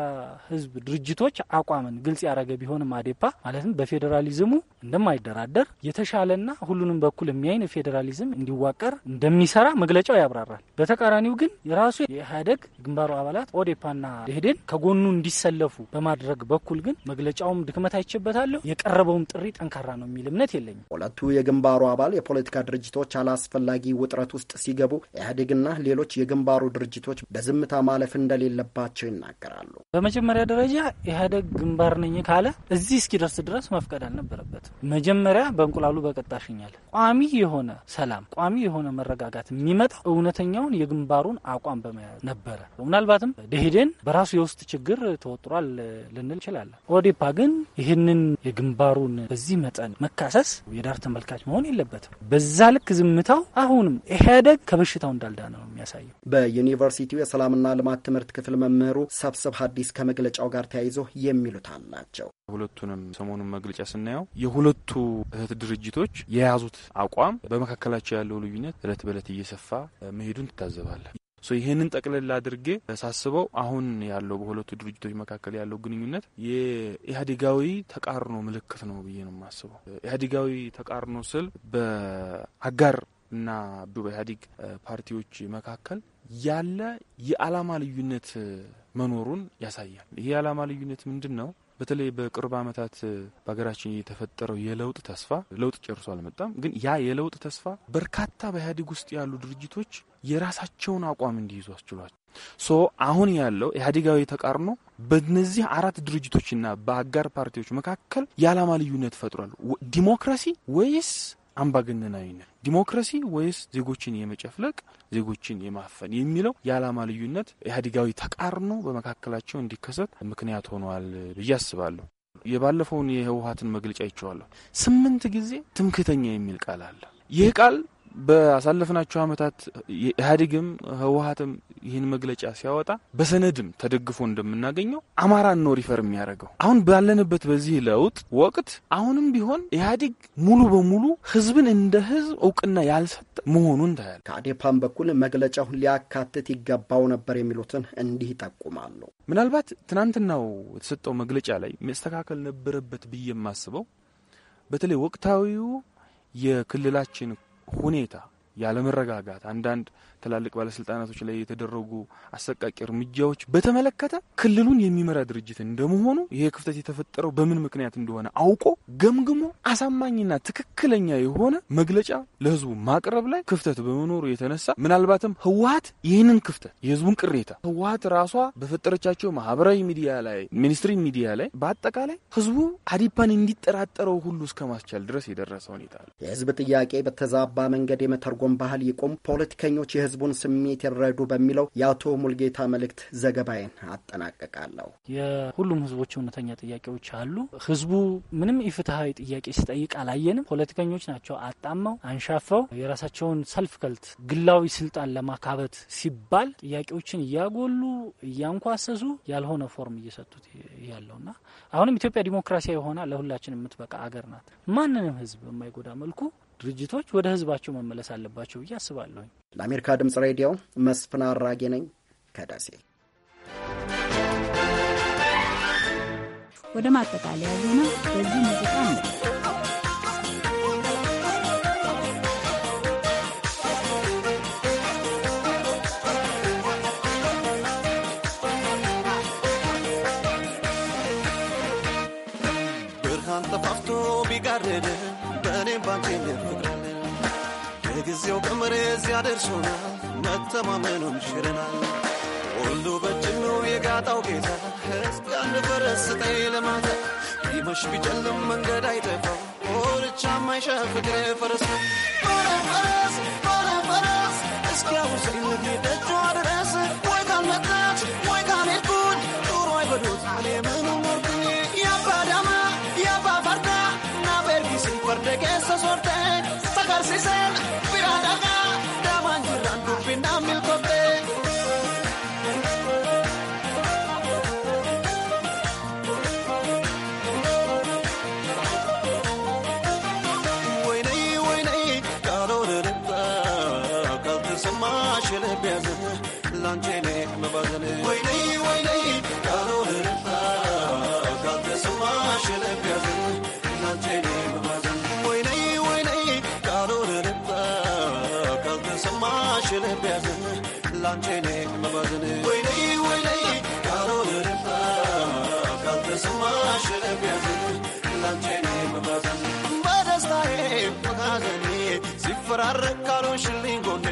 ህዝብ ድርጅቶች አቋምን ግልጽ ያደረገ ቢሆንም አዴፓ ማለትም በፌዴራሊዝሙ እንደማይደራደር የተሻለና ሁሉንም በኩል የሚያይን ፌዴራሊዝም እንዲዋቀር እንደሚሰራ መግለጫው ያብራራል። በተቃራኒው ግን የራሱ የኢህአዴግ ግንባሩ አባላት ኦዴፓና ደኢህዴን ከጎኑ እንዲሰለፉ በማድረግ በኩል ግን መግለጫውም ድክመት አይቼበታለሁ። የቀረበውም ጥሪ ጠንካራ ነው የሚል እምነት የለኝም። ሁለቱ የግንባሩ አባል የፖለቲካ ድርጅቶች አላስፈላጊ ውጥረት ውስጥ ሲገቡ ኢህአዴግና ሌሎች የግንባሩ ድርጅቶች በዝምታ ማለፍ እንደሌለባቸው ይናገራሉ። በመጀመሪያ ደረጃ ኢህአዴግ ግንባር ነኝ ካለ እዚህ እስኪደርስ ድረስ መፍቀድ አልነበረበትም። መጀመሪያ በእንቁላሉ በቀጣሽኛል። ቋሚ የሆነ ሰላም፣ ቋሚ የሆነ መረጋጋት የሚመጣ እውነተኛውን የግንባሩን አቋም ነበረ። ምናልባትም ደሄደን በራሱ የውስጥ ችግር ተወጥሯል ልንል እንችላለን። ኦዴፓ ግን ይህንን የግንባሩን በዚህ መጠን መካሰስ የዳር ተመልካች መሆን የለበትም። በዛ ልክ ዝምታው አሁንም ኢህአዴግ ከበሽታው እንዳልዳ ነው የሚያሳየው። በዩኒቨርሲቲው የሰላምና ልማት ትምህርት ክፍል መምህሩ ሰብሰብ ሀዲስ ከመግለጫው ጋር ተያይዞ የሚሉት አላቸው። ሁለቱንም ሰሞኑን መግለጫ ስናየው የሁለቱ እህት ድርጅቶች የያዙት አቋም በመካከላቸው ያለው ልዩነት እለት በእለት እየሰፋ መሄዱን ትታዘባለን። ይህንን ጠቅልላ አድርጌ ሳስበው አሁን ያለው በሁለቱ ድርጅቶች መካከል ያለው ግንኙነት የኢህአዴጋዊ ተቃርኖ ምልክት ነው ብዬ ነው የማስበው። ኢህአዴጋዊ ተቃርኖ ስል በአጋር እና በኢህአዴግ ፓርቲዎች መካከል ያለ የዓላማ ልዩነት መኖሩን ያሳያል። ይሄ የዓላማ ልዩነት ምንድን ነው? በተለይ በቅርብ ዓመታት በሀገራችን የተፈጠረው የለውጥ ተስፋ ለውጥ ጨርሶ አልመጣም፣ ግን ያ የለውጥ ተስፋ በርካታ በኢህአዴግ ውስጥ ያሉ ድርጅቶች የራሳቸውን አቋም እንዲይዙ አስችሏቸው ሶ አሁን ያለው ኢህአዴጋዊ ተቃርኖ በነዚህ አራት ድርጅቶችና በአጋር ፓርቲዎች መካከል የዓላማ ልዩነት ፈጥሯል። ዲሞክራሲ ወይስ አምባገነናዊነት፣ ዲሞክራሲ ወይስ ዜጎችን የመጨፍለቅ ዜጎችን የማፈን የሚለው የዓላማ ልዩነት ኢህአዴጋዊ ተቃርኖ በመካከላቸው እንዲከሰት ምክንያት ሆኗል ብዬ አስባለሁ። የባለፈውን የህወሀትን መግለጫ ይቸዋለሁ። ስምንት ጊዜ ትምክተኛ የሚል ቃል አለ። ይህ ቃል በአሳለፍናቸው ዓመታት ኢህአዴግም ህወሀትም ይህን መግለጫ ሲያወጣ በሰነድም ተደግፎ እንደምናገኘው አማራን ነው ሪፈር የሚያደርገው። አሁን ባለንበት በዚህ ለውጥ ወቅት አሁንም ቢሆን ኢህአዴግ ሙሉ በሙሉ ህዝብን እንደ ህዝብ እውቅና ያልሰጠ መሆኑን ታያል። ከአዴፓን በኩል መግለጫውን ሊያካትት ይገባው ነበር የሚሉትን እንዲህ ይጠቁማሉ። ምናልባት ትናንትናው የተሰጠው መግለጫ ላይ መስተካከል ነበረበት ብዬ የማስበው በተለይ ወቅታዊው የክልላችን Juanita. ያለመረጋጋት አንዳንድ ትላልቅ ባለስልጣናቶች ላይ የተደረጉ አሰቃቂ እርምጃዎች በተመለከተ ክልሉን የሚመራ ድርጅት እንደመሆኑ ይሄ ክፍተት የተፈጠረው በምን ምክንያት እንደሆነ አውቆ ገምግሞ አሳማኝና ትክክለኛ የሆነ መግለጫ ለህዝቡ ማቅረብ ላይ ክፍተት በመኖሩ የተነሳ ምናልባትም ህወሀት ይህንን ክፍተት የህዝቡን ቅሬታ ህወሀት ራሷ በፈጠረቻቸው ማህበራዊ ሚዲያ ላይ ሚኒስትሪ ሚዲያ ላይ በአጠቃላይ ህዝቡ አዲፓን እንዲጠራጠረው ሁሉ እስከ ማስቻል ድረስ የደረሰ ሁኔታ የህዝብ ጥያቄ በተዛባ መንገድ የመተርጎ የመተርጎም ባህል ይቁም፣ ፖለቲከኞች የህዝቡን ስሜት ይረዱ በሚለው የአቶ ሙልጌታ መልእክት ዘገባዬን አጠናቀቃለሁ። የሁሉም ህዝቦች እውነተኛ ጥያቄዎች አሉ። ህዝቡ ምንም ኢፍትሐዊ ጥያቄ ሲጠይቅ አላየንም። ፖለቲከኞች ናቸው አጣመው አንሻፈው የራሳቸውን ሰልፍ ከልት ግላዊ ስልጣን ለማካበት ሲባል ጥያቄዎችን እያጎሉ እያንኳሰሱ ያልሆነ ፎርም እየሰጡት ያለውና አሁንም ኢትዮጵያ ዲሞክራሲያዊ ሆና ለሁላችን የምትበቃ አገር ናት። ማንንም ህዝብ በማይጎዳ መልኩ ድርጅቶች ወደ ህዝባቸው መመለስ አለባቸው ብዬ አስባለሁ ለአሜሪካ ድምጽ ሬዲዮ መስፍን አራጌ ነኝ ከደሴ። ወደ ማጠቃለያ ዜና በዚህ ሙዚቃ ነው። ብርሃን እኔም ባንቺ ፍቅር የጊዜው ቀመር ሲያደርሶናል መተማመኑን ሽረናል ሁሉ በእጅም ነው የጋጣው ጌታ ህዝብ ያን ለማታ ቢመሽ ቢጨልም መንገድ አይጠፋው ኦርቻ ማይሸ ፍቅር ፈረስ ነው Sakarsiiseen biraadhaan daamaan jiraan dubbinaan ታረካሉንሽልኝ ጎኔ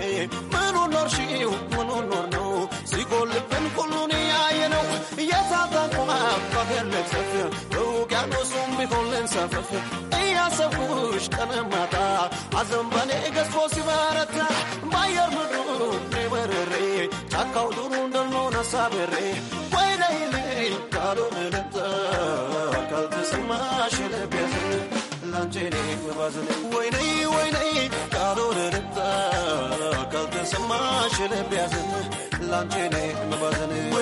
ምኑ ኖር ሺው ምኑ ኖር ነው ሲጎልብን ሁሉን ያየ ነው እየታታቁ አባገነት ሰፍ በውቅያኖሱም ቢሆንን ሰፈፍ እያሰብኩሽ ቀነማታ አዘንበኔ ገዝፎ ሲበረታ ባየር ምድሩ በረሬ ጫካው ዱሩ እንደልሆነ ሳበሬ ወይለይልኝ ካልሆነ ለምጠ ካልተሰማሽ ለቤት ላንቼኔ መባዘኔ ወይነይ ወይነይ ቃሉን ርጣ ካልተሰማሽ ልብ ያዘን ላንቼኔ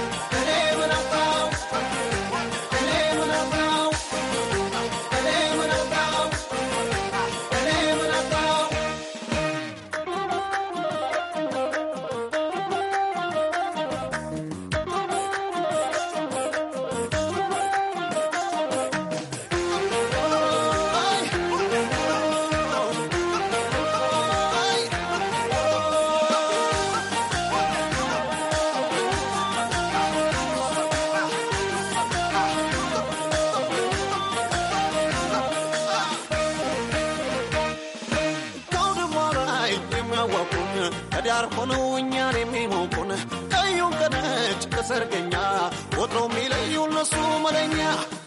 ነው የሚለዩ እነሱ መለኛ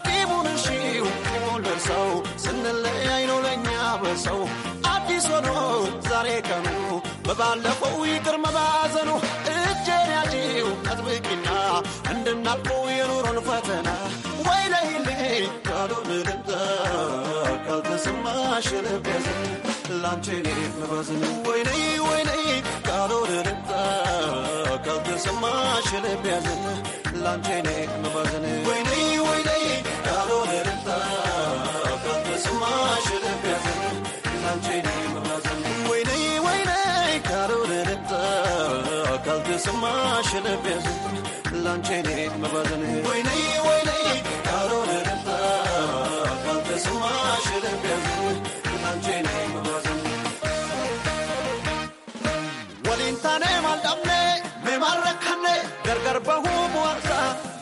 ዲሙን እንሺው ዲሙን ደርሰው ስንለያይ ነው ለእኛ በሰው አዲስ ሆኖ ዛሬ ቀኑ በባለፈው ይቅር መባዘኑ እጄን አጥብቂና የኑሮን ፈተና ወይ ካልተሰማሽ መባዝን የተሰማሽ ልብ ያዘን ላንቺ እኔ መባዘን ወይኔ ወይኔ ካልሆነ ልታ ልብ ያዘን ላንቺ እኔ መባዘን ወይኔ ወይኔ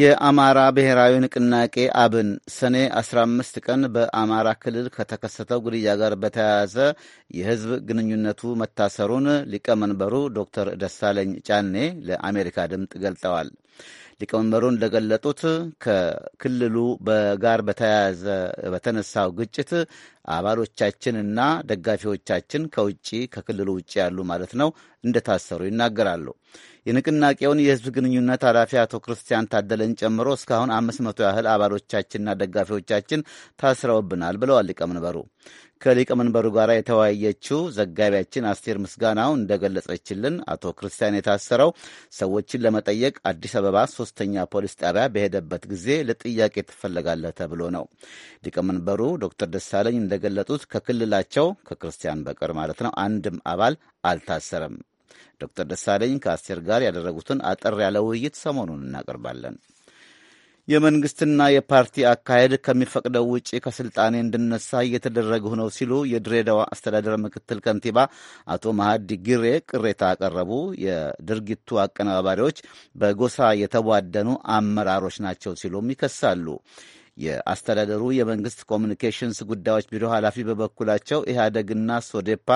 የአማራ ብሔራዊ ንቅናቄ አብን ሰኔ 15 ቀን በአማራ ክልል ከተከሰተው ግድያ ጋር በተያያዘ የሕዝብ ግንኙነቱ መታሰሩን ሊቀመንበሩ ዶክተር ደሳለኝ ጫኔ ለአሜሪካ ድምፅ ገልጠዋል። ሊቀመንበሩ እንደገለጡት ከክልሉ ጋር በተያያዘ በተነሳው ግጭት አባሎቻችንና ደጋፊዎቻችን ከውጭ ከክልሉ ውጭ ያሉ ማለት ነው እንደታሰሩ ይናገራሉ። የንቅናቄውን የህዝብ ግንኙነት ኃላፊ አቶ ክርስቲያን ታደለን ጨምሮ እስካሁን አምስት መቶ ያህል አባሎቻችንና ደጋፊዎቻችን ታስረውብናል ብለዋል ሊቀመንበሩ። ከሊቀመንበሩ ጋር የተወያየችው ዘጋቢያችን አስቴር ምስጋናው እንደገለጸችልን አቶ ክርስቲያን የታሰረው ሰዎችን ለመጠየቅ አዲስ አበባ ሶስተኛ ፖሊስ ጣቢያ በሄደበት ጊዜ ለጥያቄ ትፈለጋለህ ተብሎ ነው። ሊቀመንበሩ ዶክተር ደሳለኝ እንደገለጡት ከክልላቸው ከክርስቲያን በቀር ማለት ነው አንድም አባል አልታሰረም። ዶክተር ደሳለኝ ከአስቴር ጋር ያደረጉትን አጠር ያለ ውይይት ሰሞኑን እናቀርባለን። የመንግስትና የፓርቲ አካሄድ ከሚፈቅደው ውጪ ከስልጣኔ እንድነሳ እየተደረግሁ ነው ሲሉ የድሬዳዋ አስተዳደር ምክትል ከንቲባ አቶ መሀዲ ጊሬ ቅሬታ አቀረቡ። የድርጊቱ አቀነባባሪዎች በጎሳ የተቧደኑ አመራሮች ናቸው ሲሉም ይከሳሉ። የአስተዳደሩ የመንግስት ኮሚኒኬሽንስ ጉዳዮች ቢሮ ኃላፊ በበኩላቸው ኢህአደግና ሶዴፓ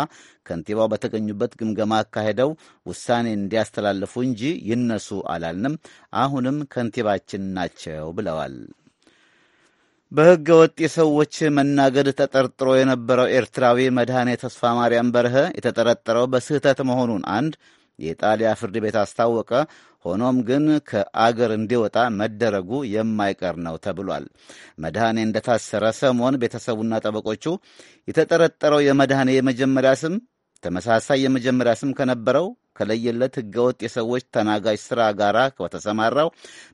ከንቲባው በተገኙበት ግምገማ አካሄደው ውሳኔ እንዲያስተላልፉ እንጂ ይነሱ አላልንም፣ አሁንም ከንቲባችን ናቸው ብለዋል። በሕገ ወጥ የሰዎች መናገድ ተጠርጥሮ የነበረው ኤርትራዊ መድኃኔ ተስፋ ማርያም በርሀ የተጠረጠረው በስህተት መሆኑን አንድ የጣሊያ ፍርድ ቤት አስታወቀ። ሆኖም ግን ከአገር እንዲወጣ መደረጉ የማይቀር ነው ተብሏል። መድኃኔ እንደታሰረ ሰሞን ቤተሰቡና ጠበቆቹ የተጠረጠረው የመድኃኔ የመጀመሪያ ስም ተመሳሳይ የመጀመሪያ ስም ከነበረው ከለየለት ህገወጥ የሰዎች ተናጋጅ ሥራ ጋር ከተሰማራው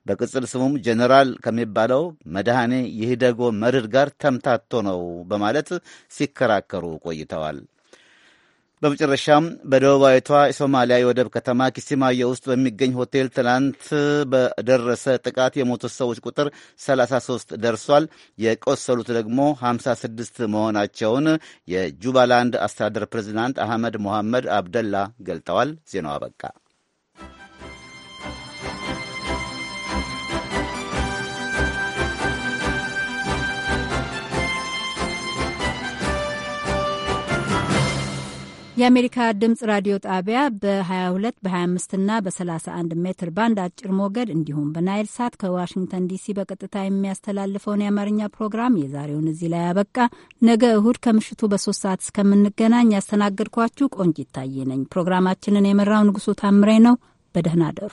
በቅጽል ስሙም ጀኔራል ከሚባለው መድኃኔ የሂደጎ መድር ጋር ተምታቶ ነው በማለት ሲከራከሩ ቆይተዋል። በመጨረሻም በደቡባዊቷ የሶማሊያ የወደብ ከተማ ኪሲማዮ ውስጥ በሚገኝ ሆቴል ትናንት በደረሰ ጥቃት የሞቱት ሰዎች ቁጥር 33 ደርሷል። የቆሰሉት ደግሞ 56 መሆናቸውን የጁባላንድ አስተዳደር ፕሬዚዳንት አህመድ ሞሐመድ አብደላ ገልጠዋል። ዜናው አበቃ። የአሜሪካ ድምፅ ራዲዮ ጣቢያ በ22 በ25 እና በ31 ሜትር ባንድ አጭር ሞገድ እንዲሁም በናይል ሳት ከዋሽንግተን ዲሲ በቀጥታ የሚያስተላልፈውን የአማርኛ ፕሮግራም የዛሬውን እዚህ ላይ አበቃ። ነገ እሁድ ከምሽቱ በሶስት ሰዓት እስከምንገናኝ ያስተናገድኳችሁ ቆንጂት ታዬ ነኝ። ፕሮግራማችንን የመራው ንጉሱ ታምሬ ነው። በደህና አደሩ።